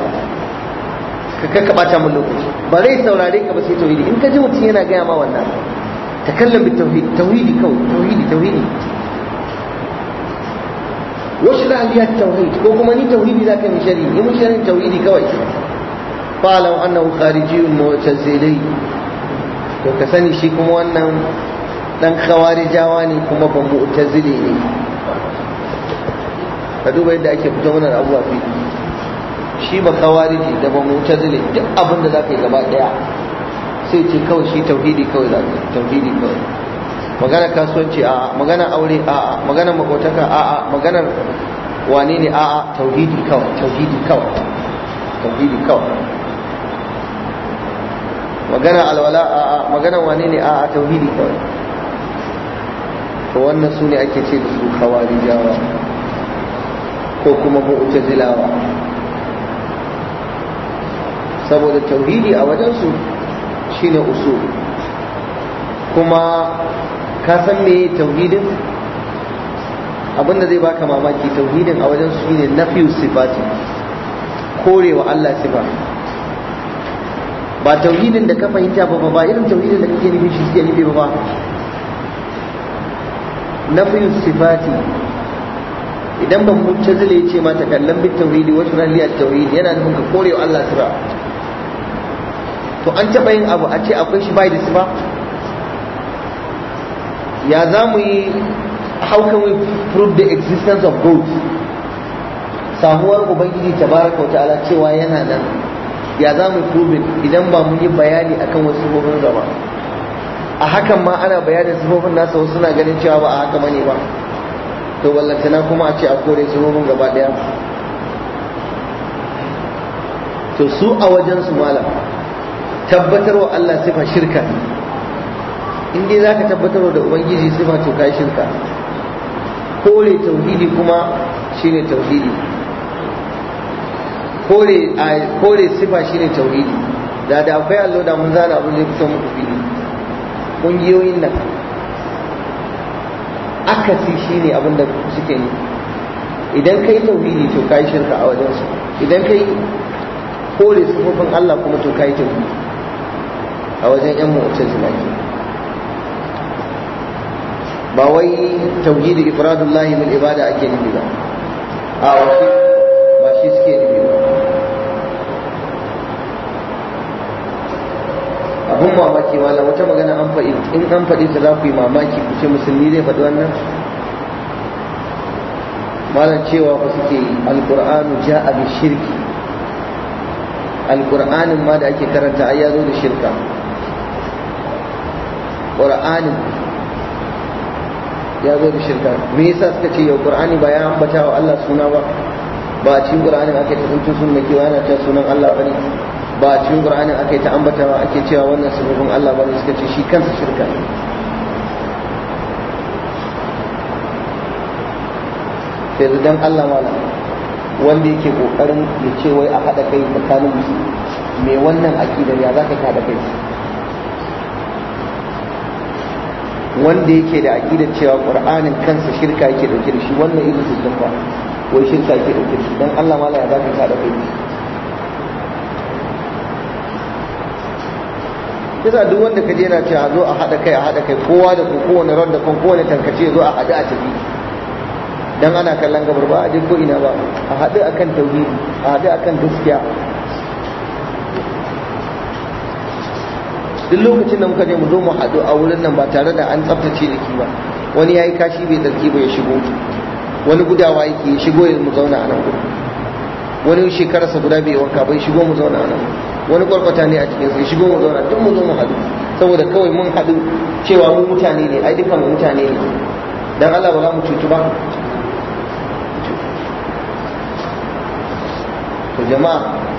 ka kanka bata mun lokaci ba zai saurare ka ba sai tauhidi in ka ji mutum yana gaya ma wannan ta kallon bi tauhidi tauhidi kawai tauhidi tauhidi wasu da aliyar tauhidi ko kuma ni tauhidi za ka yi shari ni mun shari tauhidi kawai falau annahu kharijiyun mu'tazili to ka sani shi kuma wannan dan khawarijawa ne kuma ba mu'tazili ne ka duba yadda ake fito wannan abuwa fi shi ba ne da ba zile, duk abin da za ka yi gaba daya sai ce kawai shi tauhidi kawai za ka tauhidi kawai magana kasuwanci a magana aure a magana makotaka a magana wane ne a tauhidi kawai tauhidi kawai tauhidi kawai magana alwala a magana wane ne a tauhidi kawai to wannan su ne ake ce da su jawa, ko kuma mu'tazilawa saboda tauhidi a wajensu shine usul kuma ka san me tauhidin abinda zai baka mamaki tauhidin a wajen su ne nafiyu sifati korewa Allah sifa ba tauhidin da ka fahimta ba ba irin tauhidin da kake nufin shi suke nufi ba nafiyu sifati idan ban ce zile ce ma takallan bit tauhidi wa shurali at tauhid yana nufin ka korewa Allah sifa to an taɓa yin abu a ce akwai shi bai da ba ya za mu yi how can we prove the existence of God samuwar ubangiji tabaraka ala cewa yana nan ya za mu prove idan ba mu yi bayani akan wasu sifofin ba a hakan ma ana bayanin sifofin nasa wasu na ganin cewa ba a haka bane ba to wallantana kuma a ce a kore sifofin gaba daya to su a wajen su malam tabbatarwa Allah sifa shirka in dai zaka tabbatarwa da ubangiji sifa to kai shirka kore tauhidi kuma shine tauhidi kore ai kore sifa shine tauhidi da da akwai allo da mun zana abin da kusa muku fili kungiyoyin nan akasi shine abin da suke yi idan kai tauhidi to kai shirka a wajensu idan kai kore sifofin Allah kuma to kai tauhidi a wajen yan mu'tazila ke ba wai tauhidi ifradullahi bil ibada ake nufi ba a wasu ba shi suke nufi ba abun mamaki malam wata magana an faɗi in an faɗi ta za ku yi mamaki ku ce musulmi zai faɗi wannan malam cewa ku suke yi alƙur'anu ja abin shirki alƙur'anin ma da ake karanta ai ya zo da shirka qur'anin ya zo da shirka me yasa suka ce yau qur'ani ba ya ambata wa Allah suna ba ba a cikin qur'anin ake ta tsuntun sun ke kiwa yana ta sunan Allah bane ba a cikin qur'anin ake ta ambatawa ake cewa wannan sababin Allah bane suka ce shi kansa shirka sai dan Allah malam wanda yake kokarin ya ce wai a haɗa kai tsakanin musu me wannan akidar ya za ka haɗa kai wanda yake da aqidar cewa qur'anin kansa shirka yake dauke da shi wannan irin sistem ba wai shirka yake dauke da shi dan Allah mala ya zaka ka da kai Kisa duk wanda kaje yana cewa zo a hada kai a hada kai kowa da kowane ran da kan kowane tankace zo a hada a tafi dan ana kallon gabar ba a je ko ina ba a hadu akan tauhidi a hadu akan gaskiya duk lokacin da muka je mu zo mu haɗu a wurin nan ba tare da an tsaftace jiki ba wani ya yi kashi bai tsarki ba ya shigo wani gudawa yake ya shigo ya mu zauna a nan gudu wani shekararsa guda bai wanka ba ya shigo mu zauna a nan wani kwarkwata ne a cikin sai shigo mu zauna duk mu zo mu haɗu saboda kawai mun haɗu cewa mu mutane ne ai dukan mu mutane ne dan Allah ba za mu cutu ba to jama'a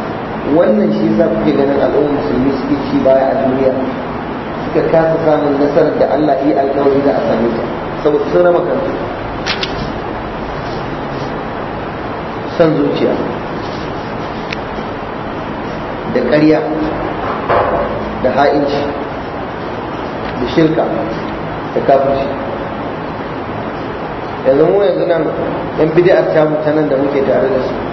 wannan shi ku kuke ganin al'ummar musulmi suke ci baya a duniya suka kasa samun nasarar da Allah yi alkawari da a same ta saboda sun rama kansu san zuciya da ƙarya da ha'inci da shirka da kafirci yanzu mu yanzu nan yan bidiyar ta mutanen da muke tare da su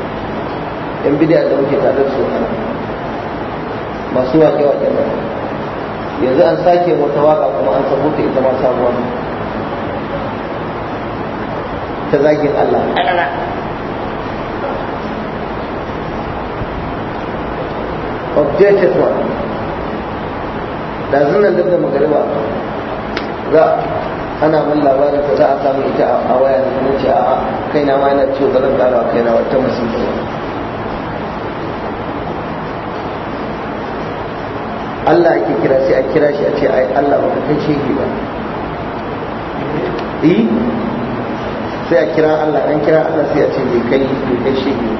yan bidiyar da muke tare da su masu wake-wake nan yanzu an sake wata waƙa kuma an sabo ta ita ma sabuwa ta zagin Allah objective one da zunan da da magariba za ana mun labarin ta za a samu ita a kuma ce a kai na ma yana ciwo ba zan kara kai na wata musulmi Allah ake kira sai a kira shi a ce ai Allah ba kai shehi ba eh sai a kira Allah an kira Allah sai a ce bai kai bai kai shehi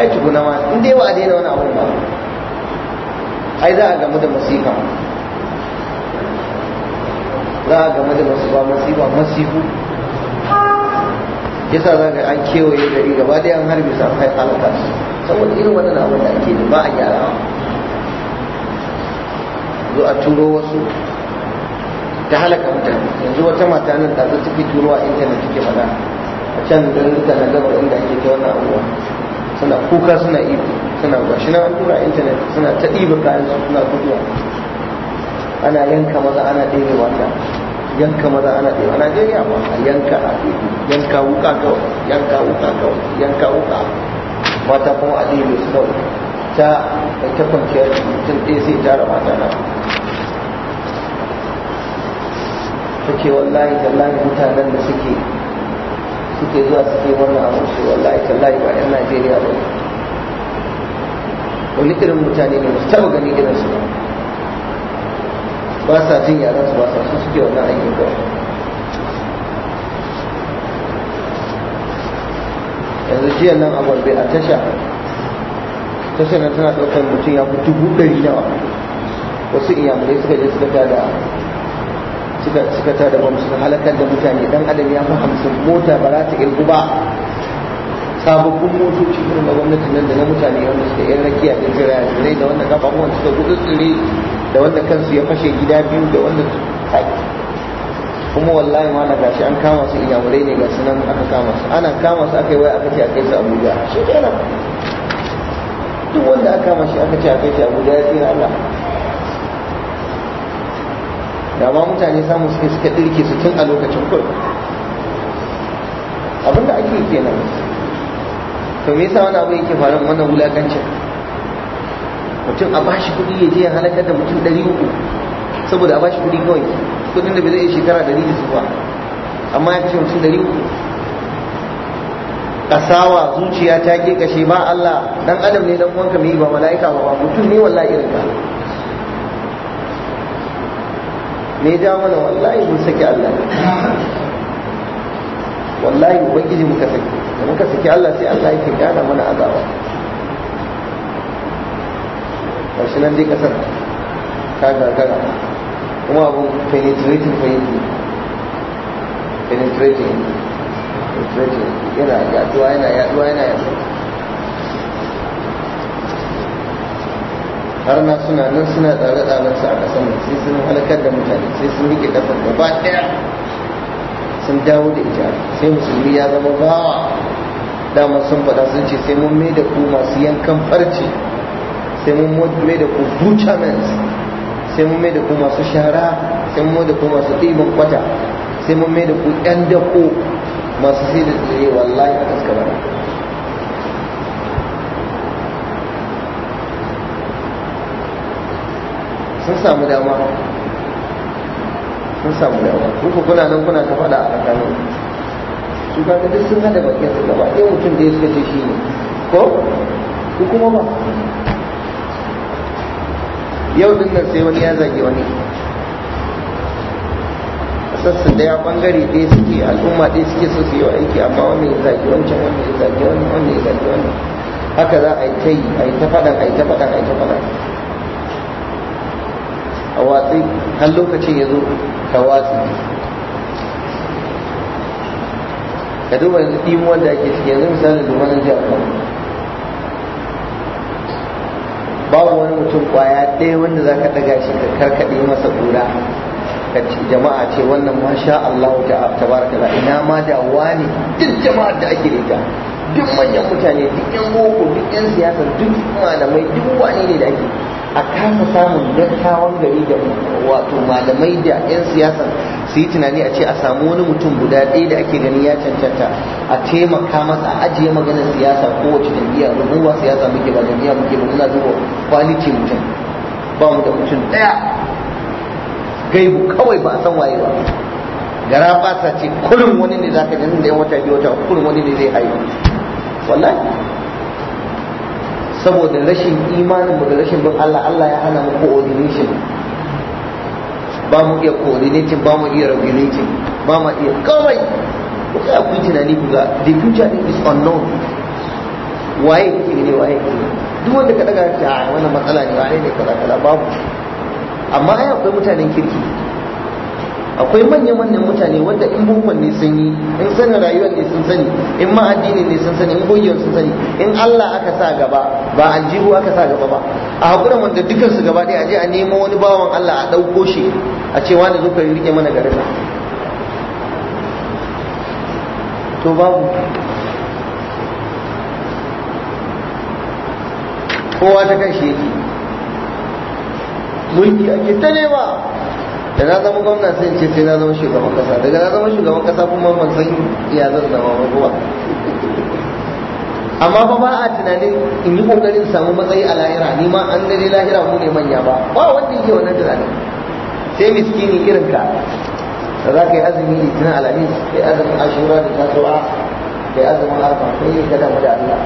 ai tukuna ma in dai ba a daina wani abu ba ai za a gamu da masifa za a gamu da masu ba masifa yasa za ga an kewaye gari gaba da an harbi sa kai halaka saboda irin wannan abin da ake ba a gyarawa zo a turo wasu ta halaka mutane yanzu wata mata nan da fi turo a intanet take faɗa a can rubuta na gaba inda ake ta wannan abubuwa suna kuka suna iko suna gashi na an tura intanet suna ta ɗiba kayan suna guduwa ana yanka maza ana ɗebe wanda yanka maza ana yawa a najeriya ba a yanka a yanka wuka kawai yanka wuka kawai yanka wuka mata kuma a ɗaya su kawai ta ta kwanciyar mutum ɗaya sai rama mata na ta ke wallahi tallahi mutanen da suke suke zuwa suke wannan abu su wallahi tallahi ba yan najeriya ba wani irin mutane ne su taɓa gani irin su ba ba sa jin yaran su ba sa su suke wannan aikin ba yanzu jiya nan a gwarbe a tasha tasha nan tana ɗaukar mutum ya fi dubu ɗari nawa wasu iyamurai suka je suka tada suka tada bam suka halakar da mutane dan adam ya fi hamsin mota ba za ta ilgu ba sababbin motoci irin na gwamnatin nan da na mutane wanda suka yi rakiya da jira da wanda wannan wanda suka gudu tsire da wanda kansu ya fashe gida biyu da wanda tsaki kuma wallahi ma na gashi an kama su inyamurai ne ga sunan aka kama su ana kama su aka yi waya aka ce a kai su abuja shi kenan duk wanda aka kama shi aka ce a kai shi abuja ya tsira allah da ma mutane samu suke suka ɗirke su tun a lokacin kur abinda ake kenan to me yasa wani abu yake faruwa wannan wulakancin mutum a bashi kuɗi ya je ya halakar da mutum ɗari uku saboda a bashi kuɗi kawai kuɗin da bai zai shekara ɗari da su ba amma ya ce mutum ɗari uku kasawa zuciya ta ke kashe ba Allah dan adam ne dan uwanka mai ba mala'ika ba ba mutum ne wallahi irin me ja mana wallahi mun saki Allah wallahi ubangiji muka saki da muka saki Allah sai Allah yake gana mana azaba ga shi nan dai kasar ta gagara kuma abin penetrating penetrating penetrating penetrating yana yaduwa yana yaduwa yana yaduwa har na suna nan suna tsare-tsaren su a mai sai sun halakar da mutane sai sun rike kasar gaba daya sun dawo da ita sai musulmi ya zama bawa dama sun faɗa sun ce sai mun mai da ku masu yankan farce sai mun mai da ku buchamans sai mun mai da ku masu shara sai mun mai da ku masu ɗiban kwata sai mun mai da ku ɗan dako masu sai da tsire wallahi a kaskara sun samu dama sun samu dama kuka kuna nan kuna ta faɗa a tsakanin su ka ga duk sun hada bakin su gaba ɗaya mutum da ya suka ce shi ne ko ku kuma ba yau din nan sai wani ya zage wani sassan ya bangare ɗaya suke al'umma ɗaya suke so su yi aiki amma wani ya zage wancan wani ya zage wani wani ya zage wani haka za a yi ta yi a yi ta faɗan a yi ta faɗan a yi ta faɗan a watsi har lokacin ya zo ka watsi ka duba yanzu ɗimuwar da ake ciki yanzu misali domin wani jami'a babu wani mutum kwaya ɗaya wanda za ka ɗaga shi ka karkaɗe masa ƙura ka jama'a ce wannan masha Allah ta tabarakala ina ma da wani duk jama'ar da ake rika duk manyan mutane duk yan boko duk yan siyasa duk malamai duk wani ne da ake a kasa samun dattawan gari da wato malamai da 'yan siyasa su yi tunani a ce a samu wani mutum guda ɗaya da ake gani ya cancanta a taimaka masa a ajiye maganar siyasa kowace jam'iyya domin ba siyasa muke ba jam'iyya muke ba muna zuwa kwaliti mutum ba mu da mutum ɗaya gaibu kawai ba a san waye ba gara ba ce kurin wani ne za ka da yan wata biyu wata kurin wani ne zai haihu wallahi saboda rashin imanin mu da rashin bin Allah Allah ya hana mu coordination ba mu iya coordinating ba mu iya regulating ba mu iya kawai ku sai ku tunani ku ga the future is unknown waye ke ne waye ke duk wanda ka daga ta wannan matsala ne waye ne kaza kaza babu amma ai akwai mutanen kirki akwai manya manyan mutane wanda in bukwan ne sun yi in sanin rayuwar ne sun sani in ma ne sun sani in goyiyar sun sani in Allah aka sa gaba ba aljihu aka sa gaba ba a hakuran wanda dukkan su gaba ɗaya a je a nemo wani bawan Allah a ɗauko shi a ce wani zo ka rike mana garin to babu kowa ta kan shi yake mulki ake ta nema da na zama gwamna sai in ce sai na zama shugaban kasa daga na zama shugaban kasa kuma ban san iya zan zama ba amma fa ba a tunanin in yi kokarin samu matsayi a lahira ni ma an gani lahira mu ne manya ba ba wanda yake wannan tunanin sai miskini irin ka da za ka yi azumi litinin alamis kai azumin ashura da tasowa kai azumin arfa kai ka damu da Allah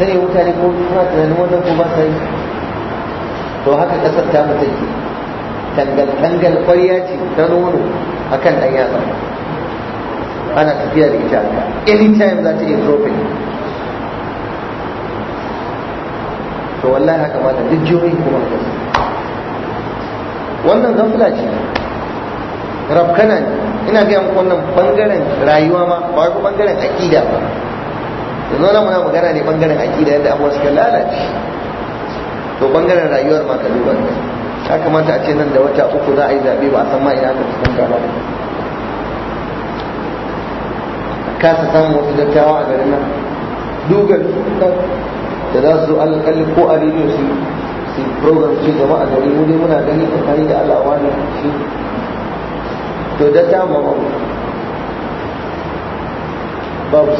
sai mutane ko kuma tunanin wannan ko ba sai to haka kasar ta mutu tangal tangal kwarya ce ta nono kan ɗan yatsa ana tafiya da ita haka anytime za ta iya dropping to wallahi haka ba da duk jihohi kuma haka wannan gafila ce rabkana ne ina gaya muku wannan bangaren rayuwa ma ba ko bangaren aƙida ba yanzu na muna magana ne bangaren aƙida yadda abuwa suka lalace to bangaren rayuwar ma ka duba ya kamata a ce nan da wata uku za a yi zaɓe ba a san ma ina ka cikin gaba da kasa samun wasu dattawa a garin nan dugal da za su zo alƙalli ko a rediyo su su program su gaba a gari wuri muna gani kari da Allah wani shi to dattawa ma babu babu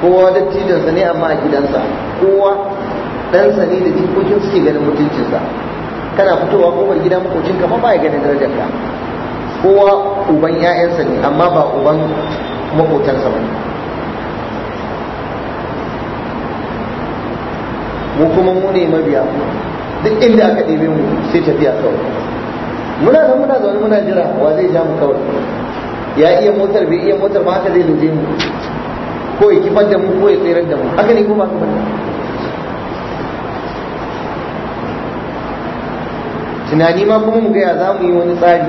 kowa dattijansa ne amma a gidansa kowa dan sani da jikokin suke ganin mutuncinsa kana fitowa kofar gida makocin ka ba ya ganin darajar ka kowa uban 'ya'yansa ne amma ba uban makotansa ba ne mu kuma mu ne mabiya duk inda aka ɗebe mu sai tafiya kawai muna da muna zaune muna jira wa zai ja mu kawai ya iya motar bai iya motar ba haka zai luje mu ko ya kifar da mu ko ya tsirar da mu haka ne ko ba ka tunani ma kuma mu gaya za mu yi wani tsari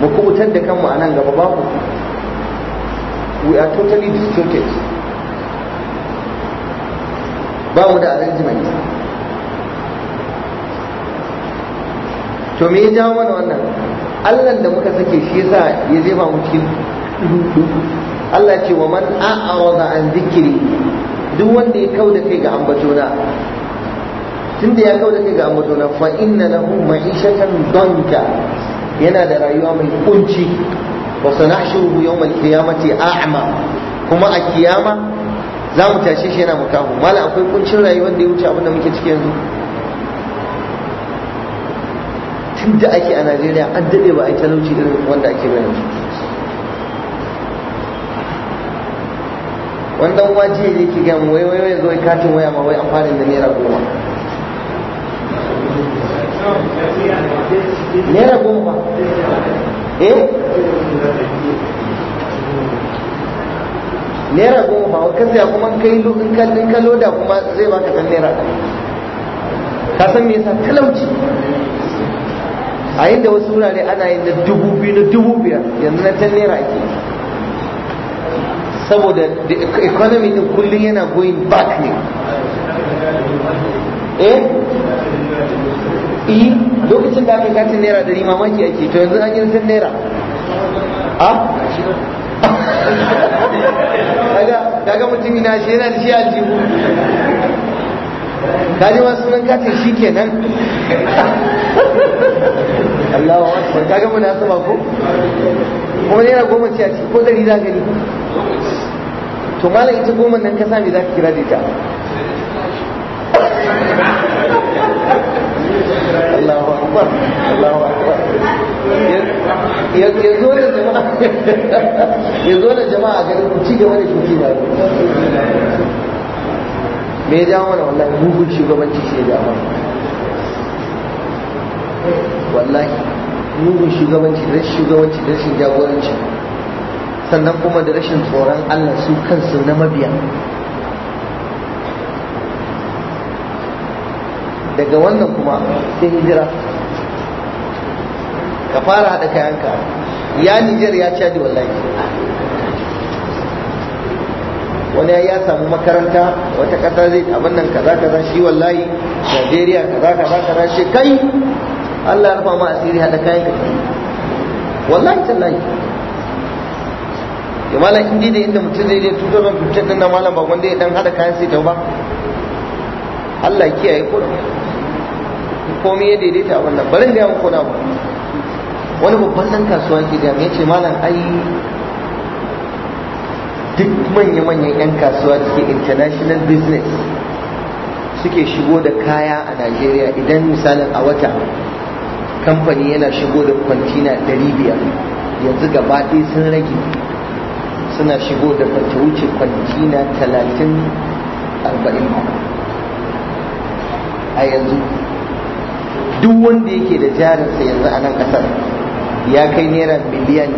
mu kubutar da kanmu a nan gaba ku we are totally distorted ba mu da arrangement to me ya jawo mana wannan allah da muka sake shi yasa ya jefa mu cikin Allah ce wa man a'arada an zikiri duk wanda ya kau da kai ga ambatona tun da ya kawo da kai ga na fa inna lahu ma'ishatan danka yana da rayuwa mai kunci wa kiyama yawmal qiyamati a'ma kuma a kiyama za mu tashe shi yana mutahu mala akwai kuncin rayuwar da ya wuce abinda muke ciki yanzu tun da ake a najeriya an daɗe ba a yi talauci irin wanda ake bai wanda wannan waje yake gamu wai wai wai zo katin waya ma wai an fara da naira goma naira goma ba eh naira goma ba wa kasa kuma kai in ka loda kuma zai ba ka san naira ka san me yasa talauci a inda wasu wurare ana yin da dubu biyu da dubu biyar yanzu na can naira ake saboda economy din kullum yana going back ne eh eh lokacin da aka katin naira ɗari mamaki ake to yanzu an yi rufin naira a daga mutum ina shi yana da shi aljihu ta ji masu sunan katin shi kenan Allah wa wasu na munasaba ko kuma naira goma ce a ciki ko dari za ka to malam ita goma nan ka sami za ka kira da ita wallahi mugun shugabanci shi ya jawo wallahi mugun shugabanci shugabanci rashin sannan kuma da rashin tsoron Allah su kansu na mabiya daga wannan kuma sai hijira ka fara haɗa kayanka ya Nijar ya caji wallahi wani ya samu makaranta wata ƙasa zai abin nan kaza kaza shi wallahi Najeriya kaza kaza kaza shi kai Allah ya rufa ma asiri haɗa kayanka wallahi tallahi ya malam indi da inda mutum zai je tutar da tutar da malam ba wanda ya dan hada kayan sai tauba Allah ya kiyaye ko komai ya daidaita abin nan barin ga yanku kuna ba wani babban dan kasuwa ke da ya ce malam ai duk manya-manyan 'yan kasuwa cikin ke international business suke shigo da kaya a najeriya idan misalin a wata kamfani yana shigo da kwantina 500 yanzu gaba ɗaya sun rage suna shigo da bata wuce kwantina 30-40 a yanzu duk wanda yake da jarinsa yanzu a nan ƙasar ya kai naira miliyan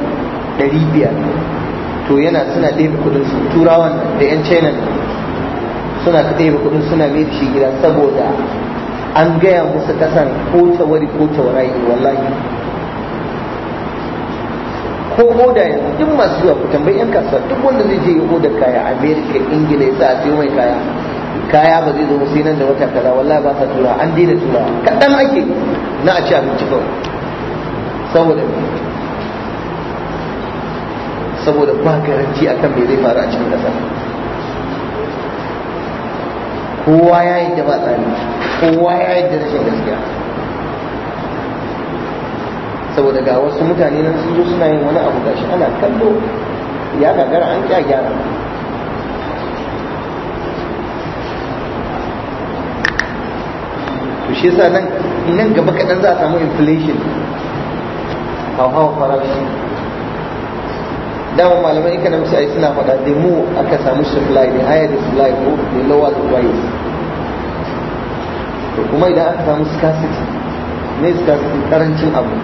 500 to yana suna ɗaya kudin su turawan da 'yan china suna ta ɗaya kudin suna mai da shi gida saboda an gaya musu kasan ko wari ko tawarai wallahi ko oda yanzu duk masu zuwa ku tambayi yan kasuwa duk wanda zai je ya oda kaya america ingila ya sa a mai kaya kaya ba zai zo sai nan da wata kaza wallahi ba sa tura an daina tura kaɗan ake na a ci abinci kawai saboda saboda ba garanti akan me zai faru a cikin ƙasar kowa ya yi da ba tsari kowa ya yi da rashin gaskiya saboda ga wasu mutane nan sun zo suna yin wani abu gashi ana kallo ya gagara an kya gyara to shi yasa nan nan gaba kaɗan za a samu inflation hauhawa farashi dama malaman musu ai suna faɗa da mu aka samu supply da higher the supply ko the lower the price to kuma idan aka samu scarcity ne scarcity karancin abu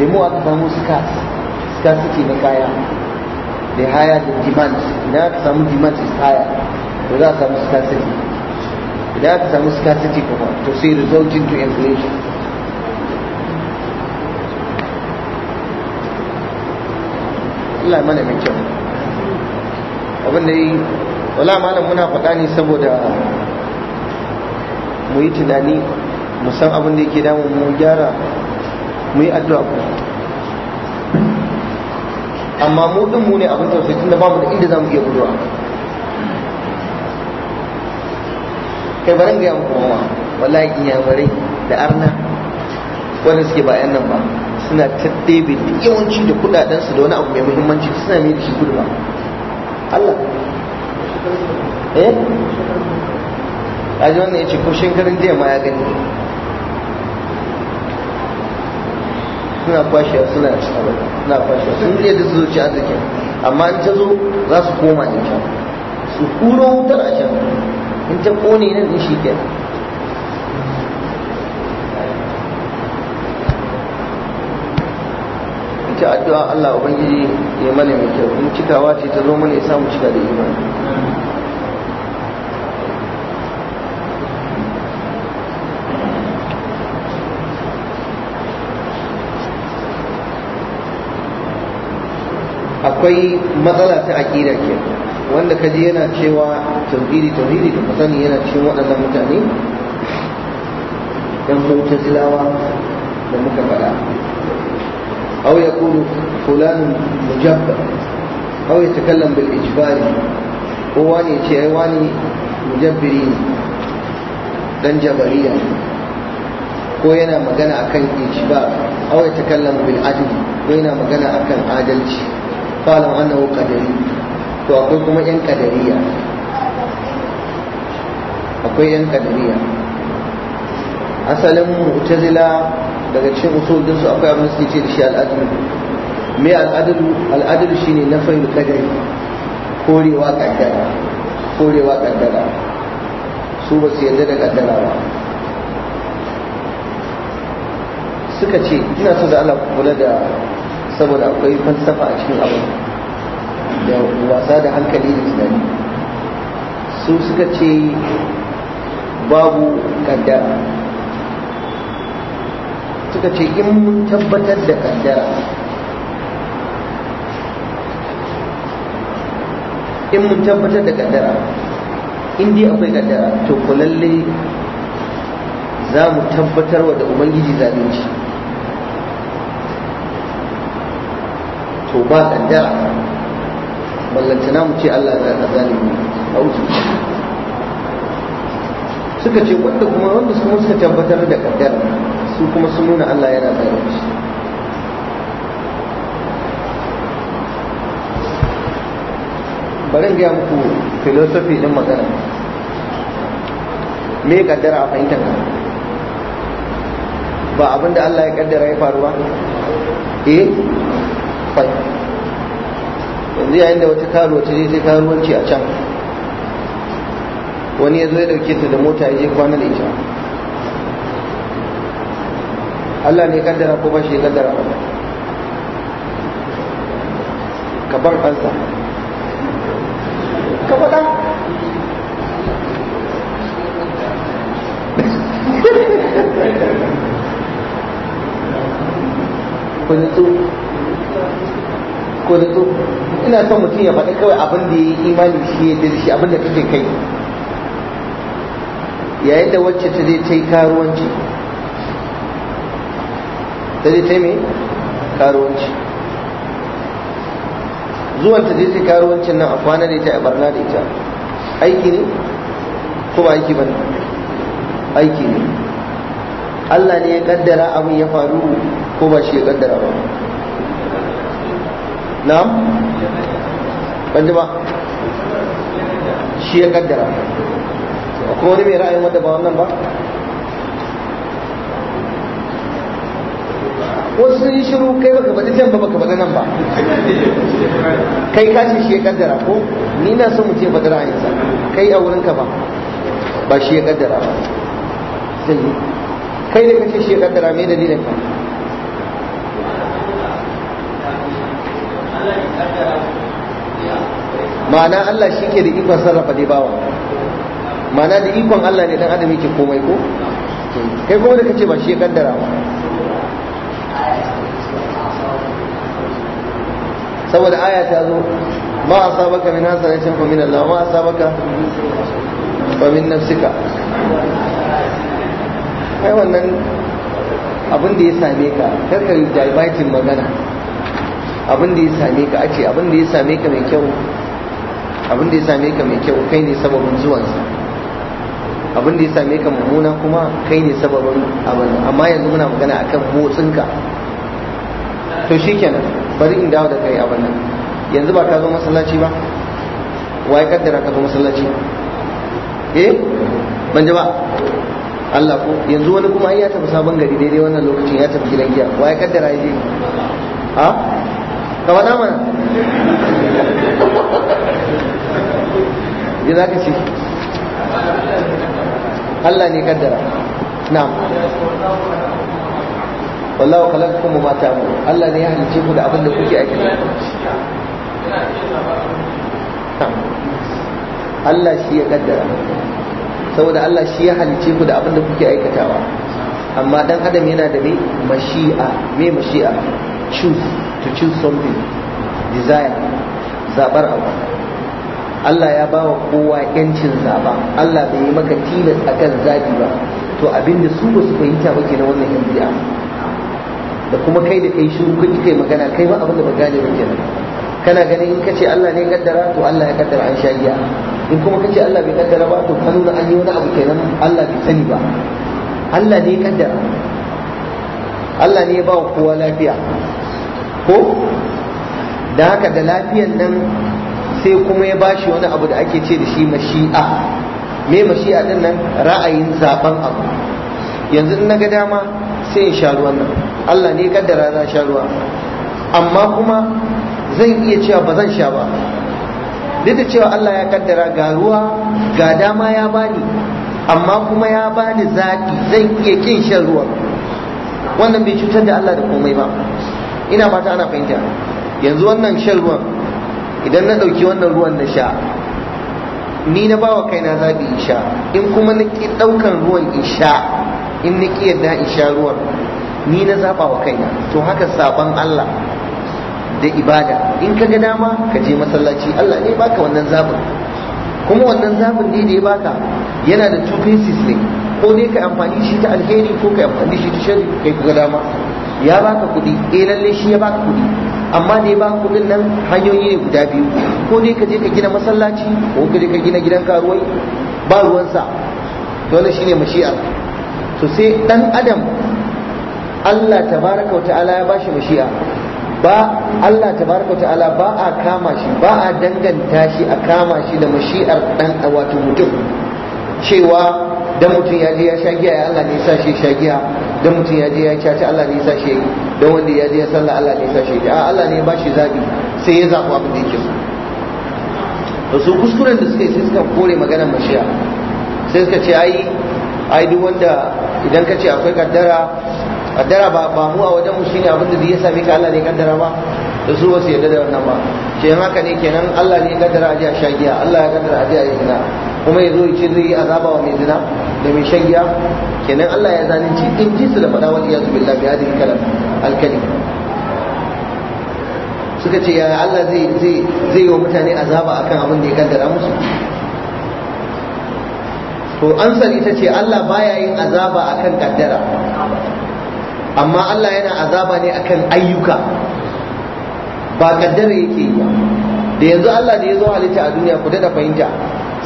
da mu aka samu scarcity na kaya da higher the demand idan aka samu demand is higher to za a samu scarcity idan aka samu scarcity kuma to sai resulting to inflation Allah mana mai kyau abin da yi wala malam muna faɗa ne saboda mu yi tunani mu san abin da yake damu mu gyara mu yi addu'a ku amma mu din mu ne abin sai tunda babu da inda zamu iya guduwa kai baran ga yan kuma wallahi inyamurai da arna wanda suke bayan nan ba suna ta ɗebe yawanci da kudadensu da wani abu mai muhimmanci suna mai da shi kudu ba Allah eh aji wannan ya ce ko shinkarin jiya ma ya gani suna kwashewa suna abin suna kwashewa sun iya da su zuci arzikin amma in ta zo za su koma da kyau su kuro wutar a can in ta kone nan in shi kenan ta addu'a Allah ubangiji ya mana mai kyau in cikawa ce ta zo mana ya samu cika da imani akwai matsala ta aƙida ke wanda kaji yana cewa tauhidi tauhidi da sani yana cikin waɗannan mutane ɗan mutazilawa da muka faɗa أو يقول فلان مجبر أو يتكلم بالإجبار واني تيواني مجبرين dan ko yana magana akan ijba aw yatakallamu bil adl ko yana magana akan adalci qala annahu qadari to akwai kuma yan qadariya akwai yan qadariya asalin mu'tazila daga cikin usul din su akwai abin suke ce da shi al'adul me al'adu shi shine na fahimta kadari korewa kaddara korewa kaddara su ba su yarda da kaddara ba suka ce ina so da Allah kula da saboda akwai falsafa a cikin abu da wasa da hankali da tunani su suka ce babu kaddara suka ce in mun tabbatar da kaddara in mun tabbatar da kaddara in dai akwai kaddara to ku lalle za mu tabbatar wa da ubangiji zalunci to ba kaddara ballantana mu ce Allah ya zalimi a suka ce wanda kuma wanda suka tabbatar da kaddara su kuma sun nuna Allah yana tare da shi bari in gaya muku filosofi din magana me ya kaddara a fahimtar ka ba abin da Allah ya kaddara ya faru ba eh fai yanzu yayin da wata karo ta je ta karuwanci a can wani ya zo ya dauke ta da mota ya je da ita Allah ne kaddara ko ba shi kaddara ba ka bar ansa ka faɗa ku nutsu ko zato ina son mutum ya faɗi kawai abin da ya yi imani shi ya dirshi shi abin da kake kai yayin da wacce ta zai ta yi karuwanci ta ta yi karuwanci zuwan ta je karuwancin nan a kwana da ita a barna da ita aiki ne ko ba aiki ba ne aiki ne Allah ne ya kaddara abin ya faru ko ba shi ya kaddara ba na'am ban ba shi ya kaddara ko wani mai ra'ayin wanda ba wannan ba Ko sun yi shiru kai baka faɗi can ba baka faɗi nan ba kai kashi shi ya kaddara ko ni na son mutum bada faɗi ra'ayinsa kai a wurin ka ba ba shi ya kaddara ba Sai kai da kace shi ya kaddara me dalilin ka ma'ana Allah shi ke da ikon sarrafa dai bawa ma'ana da ikon Allah ne dan adam yake komai ko kai kuma da kace ba shi ya kaddara ba saboda aya ta zo ma asabaka min hasanatin fa min Allah ma asabaka fa min nafsika kai wannan abin da ya same ka karka divertin magana abin da ya same ka ake abin da ya same ka mai kyau abin da ya same ka mai kyau kai ne sababin zuwansa abin da ya same ka mummuna kuma kai ne sababin abin amma yanzu muna magana akan motsinka to shikenan bari in dawo da kai a wannan yanzu ba ka zo masallaci ba wai kaddara ka zo masallaci eh ban ji ba Allah ko yanzu wani kuma ya tafi sabon gari daidai wannan lokacin ya tafi gidan giya wai kaddara ya je ha ka ba mana ya za ka ce Allah ne kaddara na'am wallahu khalaqakum wa ma mu. Allah ne ya halice ku da abin da kuke aikata Allah shi ya kaddara saboda Allah shi ya halice ku da abin da kuke aikatawa amma dan adam yana da me mashi'a me mashi'a choose to choose something desire zabar abu Allah ya bawa kowa yancin zaba Allah bai yi maka tilas akan zabi ba to abinda su ba su fahimta ba kenan wannan yanzu da kuma kai da kai shiru kun kai magana kai ma abin da ba gane ba kenan kana ganin in kace Allah ne ya kaddara to Allah ya kaddara an sha giya in kuma kace Allah bai kaddara ba to kan nuna an yi wani abu kenan Allah bai sani ba Allah ne ya kaddara Allah ne ya ba kowa lafiya ko da haka da lafiyan nan sai kuma ya bashi wani abu da ake ce da shi mashi'a me mashi'a din nan ra'ayin zaben abu yanzu in na ga dama sai in sha ruwan nan Allah ne kaddara na sha ruwa amma kuma zan iya cewa ba zan sha ba duk da cewa Allah ya kaddara ga ruwa ga dama ya bani amma kuma ya bani zaɓi zan iya kin shan ruwa wannan bai cutar da Allah da komai ba ina fata ana fahimta yanzu wannan shan ruwan idan na ɗauki wannan ruwan na sha ni na bawa kaina zaɓi in sha in kuma na ƙi ɗaukan ruwan in sha in na ƙi yadda in sha ruwan ni na zaba wa kaina to haka saban Allah da ibada in ka ga dama ka je masallaci Allah ne baka wannan zabin kuma wannan zabin ne da ya baka yana da two faces ne ko dai ka amfani shi ta alheri ko ka amfani shi ta shari kai ka ga dama ya baka kuɗi eh lalle shi ya baka kuɗi amma da ya baka kuɗin nan hanyoyi ne guda biyu ko dai ka je ka gina masallaci ko ka je ka gina gidan karuwai ba ruwansa dole shine mashi'a to sai dan adam Allah tabaraka wa ta'ala ya bashi mashi'a ba Allah tabaraka wa ta'ala ba a kama shi ba a danganta shi a kama shi da mashi'ar dan wato mutum cewa da mutum ya je ya sha giya ya Allah ne ya shi sha giya dan mutum ya je ya caci Allah ne ya shi da wanda ya je ya sallah Allah ne ya shi a Allah ne ya bashi zabi sai ya zaɓi abin da yake so su kuskuren da suka yi sai suka kore maganar mashiya sai suka ce ai ai duk wanda idan ka ce akwai kaddara kaddara ba ba mu a wajen mu shine abin da zai sami ka Allah ne kaddara ba da su wasu yadda da wannan ba Ke haka ne kenan Allah ne kaddara a jiya shagiya Allah ya kaddara a jiya zina kuma ya zo ya ce zai yi azaba wa mai zina da mai shagiya kenan Allah ya zalunci in ji su da faɗa ya iyazu billahi bi hadin kalam alkali suka ce ya Allah zai zai zai yi wa mutane azaba akan abin da ya kaddara musu to ansar ita ce Allah baya yin azaba akan kaddara amma Allah yana azaba ne akan ayyuka ba kaddara yake yi da yanzu Allah da ya zo halitta a duniya ku da fahimta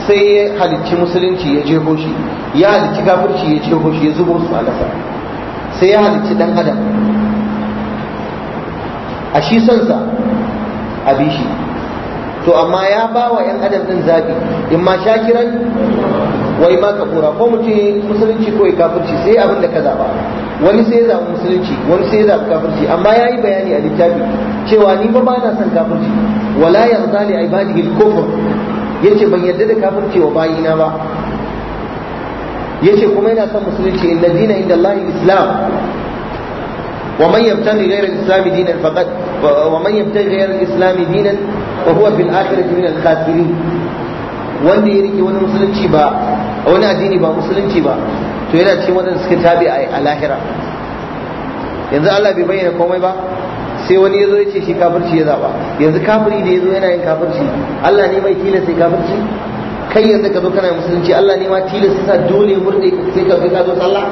sai ya halicci musulunci ya jeho shi ya halicci kafirci ya jeho shi ya zubo su a ƙasa sai ya halicci dan adam a shi sonsa, a bishi to amma ya ba wa 'yan adam din zabi in ma shakiran wai ma kura ko mutum musulunci ko kafirci sai abin da ka zaba wani sai ya zaba musulunci wani sai ya zaba kafirci amma ya yi bayani a littafi cewa ni ba na son kafirci wala ya yarda li ibadihi al ya yace ban yarda da kafirci wa bayina ba yace kuma yana son musulunci inda dina inda Allah islam wa man yabtaghi ghayra al-islam dinan faqad wa man yabtaghi ghayra al-islam dinan fa huwa fil akhirati min al-khasirin wanda ya rike wani musulunci ba a wani addini ba musulunci ba to yana ce waɗanda suka tabi a lahira yanzu Allah bai bayyana komai ba sai wani yazo ya ce shi kafirci ya zaba yanzu kafiri da yazo yana yin kafirci Allah ne mai tilasta kafirci kai yanzu ka zo kana musulunci Allah ne ma tilasta sa dole murde sai ka ka zo sallah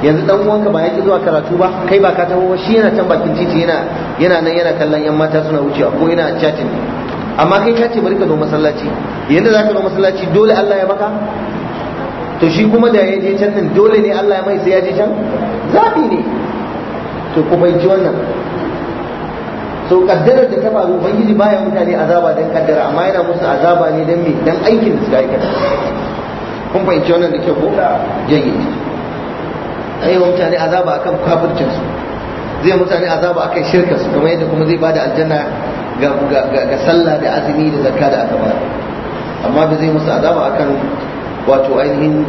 yanzu dan uwanka ba ya zuwa karatu ba kai ba ka taho shi yana can bakin titi yana yana nan yana kallon yan mata suna wucewa ko yana chatting amma kai ka ce bari ka zo masallaci Yadda za ka zo masallaci dole Allah ya maka to shi kuma da ya je can din dole ne Allah ya mai sai ya je can zafi ne to ku bai ji wannan to kaddara da ta faru ubangiji baya mutane azaba dan kaddara amma yana musu azaba ne dan me dan aikin da suka aikata kun fahimci wannan da kyau ko jayi ai wa mutane azaba akan kafircin su zai mutane azaba akan shirka su kamar yadda kuma zai bada aljanna ga sallah da azumi da zakka da aka bayar amma ba zai musu azaba akan wato ainihin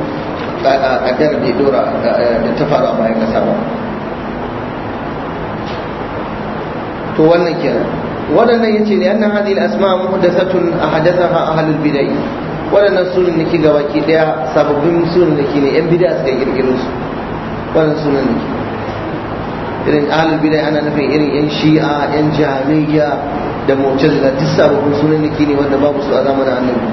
kadar da dora da ta faru a bayan kasa ba to wannan kenan waɗannan yace ne annan hadil asma muhdathatun ahadathaha ahlul bidai, waɗannan sunan nake gabaki daya sababbin sunan nake ne yan bidai suka kirkiro su wannan sunan nake irin ahlul bid'a ana nufin irin yan shi'a yan jami'a da da duk sababbin niki ne wanda babu su a zamanin annabi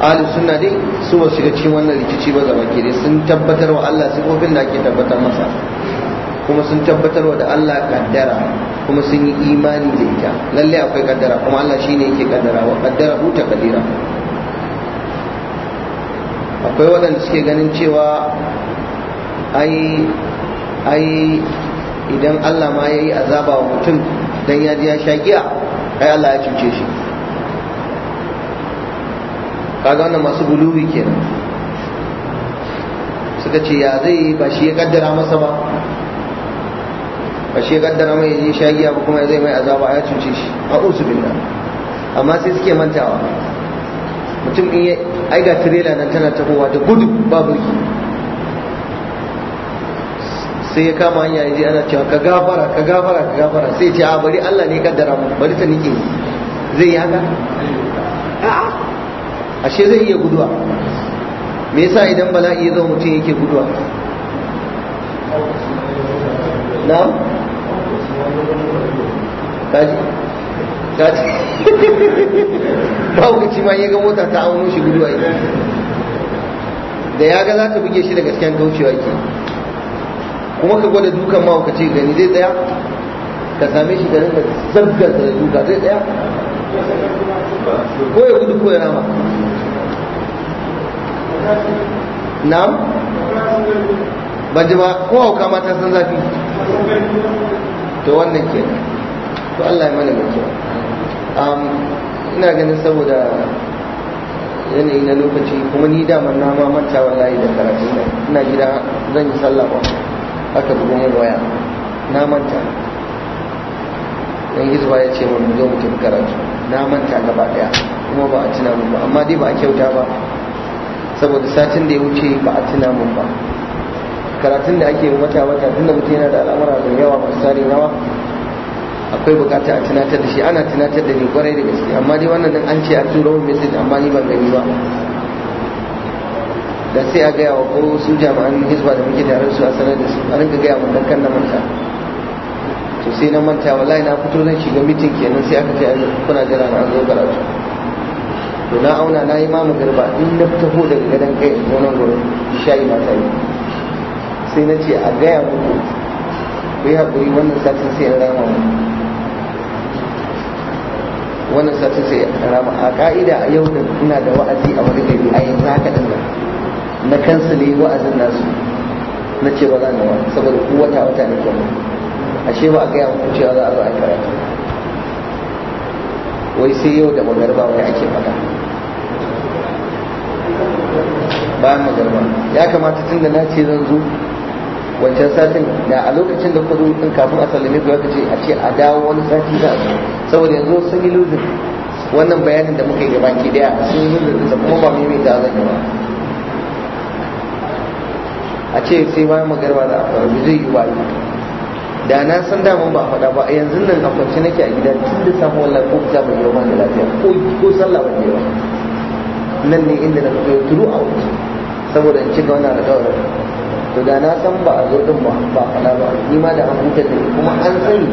ahlus sunna dai su ba shiga cikin wannan rikici ba gaba ke sun tabbatar wa Allah sifofin da ake tabbatar masa kuma sun tabbatar wa da Allah kaddara kuma sun yi imani da ita lalle akwai kaddara kuma Allah shi ne yake kaddara wa kaddara hu kadira akwai waɗanda suke ganin cewa ai ai idan Allah ma yi azaba wa mutum dan ya ji ya sha giya ai Allah ya cuce shi kaga wannan masu buluwi kenan suka ce ya zai ba shi ya kaddara masa ba ba shi ya kaddara mai yi sha giya ba kuma ya zai mai azaba ya cuce shi a usu billah amma sai suke mantawa mutum in ya aiga tirela nan tana tafowa da gudu babu burki sai ya kama hanya ya je ana cewa ka gafara ka gafara ka gafara sai ce a bari Allah ne kaddara mu bari ta nike zai yi haka a'a ashe zai iya guduwa me yasa idan bala'i ya zo mutum yake guduwa na kaji kaji ba wuce ma ya ga mota ta auno shi guduwa da ya ga za ta buge shi da gaskiyan kaucewa ke kuma ka gwada dukan ma ce gani zai tsaya ka same shi garin da zargar da duka zai tsaya ko ya gudu ko ya rama na'am ban ji ba ko hauka mata san zafi to wannan ke to Allah ya mana mai kyau ina ganin saboda yanayi na lokaci kuma ni damar na ma manta wallahi da karatun nan ina gida zan yi sallah ba aka bugun waya na manta yan hizba ya ce mun zo mutum tafi karatu na manta gaba daya kuma ba a tuna mun ba amma dai ba a kyauta ba saboda satin da ya wuce ba a tuna mun ba karatun da ake wata wata tunda mutum yana da al'amura da yawa masu tarin yawa akwai bukata a tunatar da shi ana tunatar da ni kwarai da gaske amma dai wannan an ce a turo message amma ni ban gani ba da sai a gaya wa ko su jami'an hizba da muke tare su a sanar da su a rinka gaya wa dankan na manta to sai na manta wallahi na fito zan shiga mitin kenan sai aka ce kuna jira na zo garatu to na auna na yi mamu garba in na taho daga gadon kai in zo nan gurin shayi mata yi sai na ce a gaya muku ku yi haƙuri wannan satin sai in rama mu wannan satin sai in rama a ka'ida a yau da ina da wa'azi a wani gari a yanzu haka ɗin na kansile wa'azin nasu na ce ba za na ba saboda ku wata wata ne ke ashe ba a gaya muku cewa za a zo a karatu wai sai yau da magarba wani ake faɗa bayan magarba ya kamata tun da na ce zan zo wancan satin da a lokacin da kudu zo din kafin a sallame ku ka ce a ce a dawo wani sati za a zo saboda yanzu sun yi luzin wannan bayanin da muka yi gaba ke daya sun yi luzin da kuma ba mai mai da zan yi ba a ce sai bayan magarba za a fara zai yi wayo da na san daman ba faɗa ba yanzu nan a kwance nake a gida tun da samu wallahi ko za ban yi ba da lafiya ko ko sallah ban yi ba nan ne inda na fito turu a wuce saboda in cika wannan alƙawarin to da na san ba a zo din ba ba faɗa ba ni ma da an huta da kuma an sani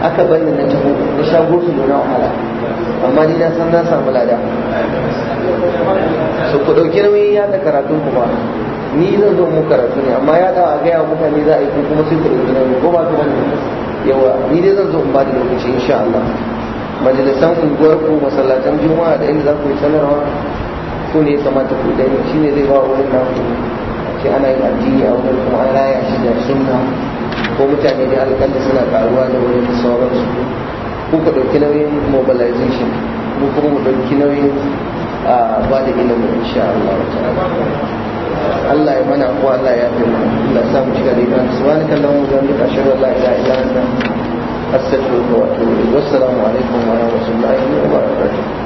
aka bayyana na taho na sha gosu da na wahala amma ni na san na samu lada so ku ɗauki nauyin yaɗa karatun ku ba ni zan zo mu karatu ne amma ya dawo a gaya mutane za a yi kuma sai ka ɗauki nauyi ko ba ka wani yawa ni dai zan zo in ba da lokaci insha Allah majalisan unguwar ku masallatan juma'a da inda za ku yi sanarwa ko ne ta ku dai shi ne zai ba wurin na ku ce ana yin addini a wurin kuma an raya shi da sunna ko mutane da alƙalla suna karuwa da wurin da sauransu ku ku ɗauki nauyin mobilization ku kuma mu ɗauki nauyin ah, ba da ilimin insha Allah Allah ya mana ko Allah ya fi mu Allah ya samu shiga da iman subhanaka allahumma wa bihamdika ashhadu an la ilaha illa anta astaghfiruka wa atubu ilayk wassalamu alaikum wa rahmatullahi wa barakatuh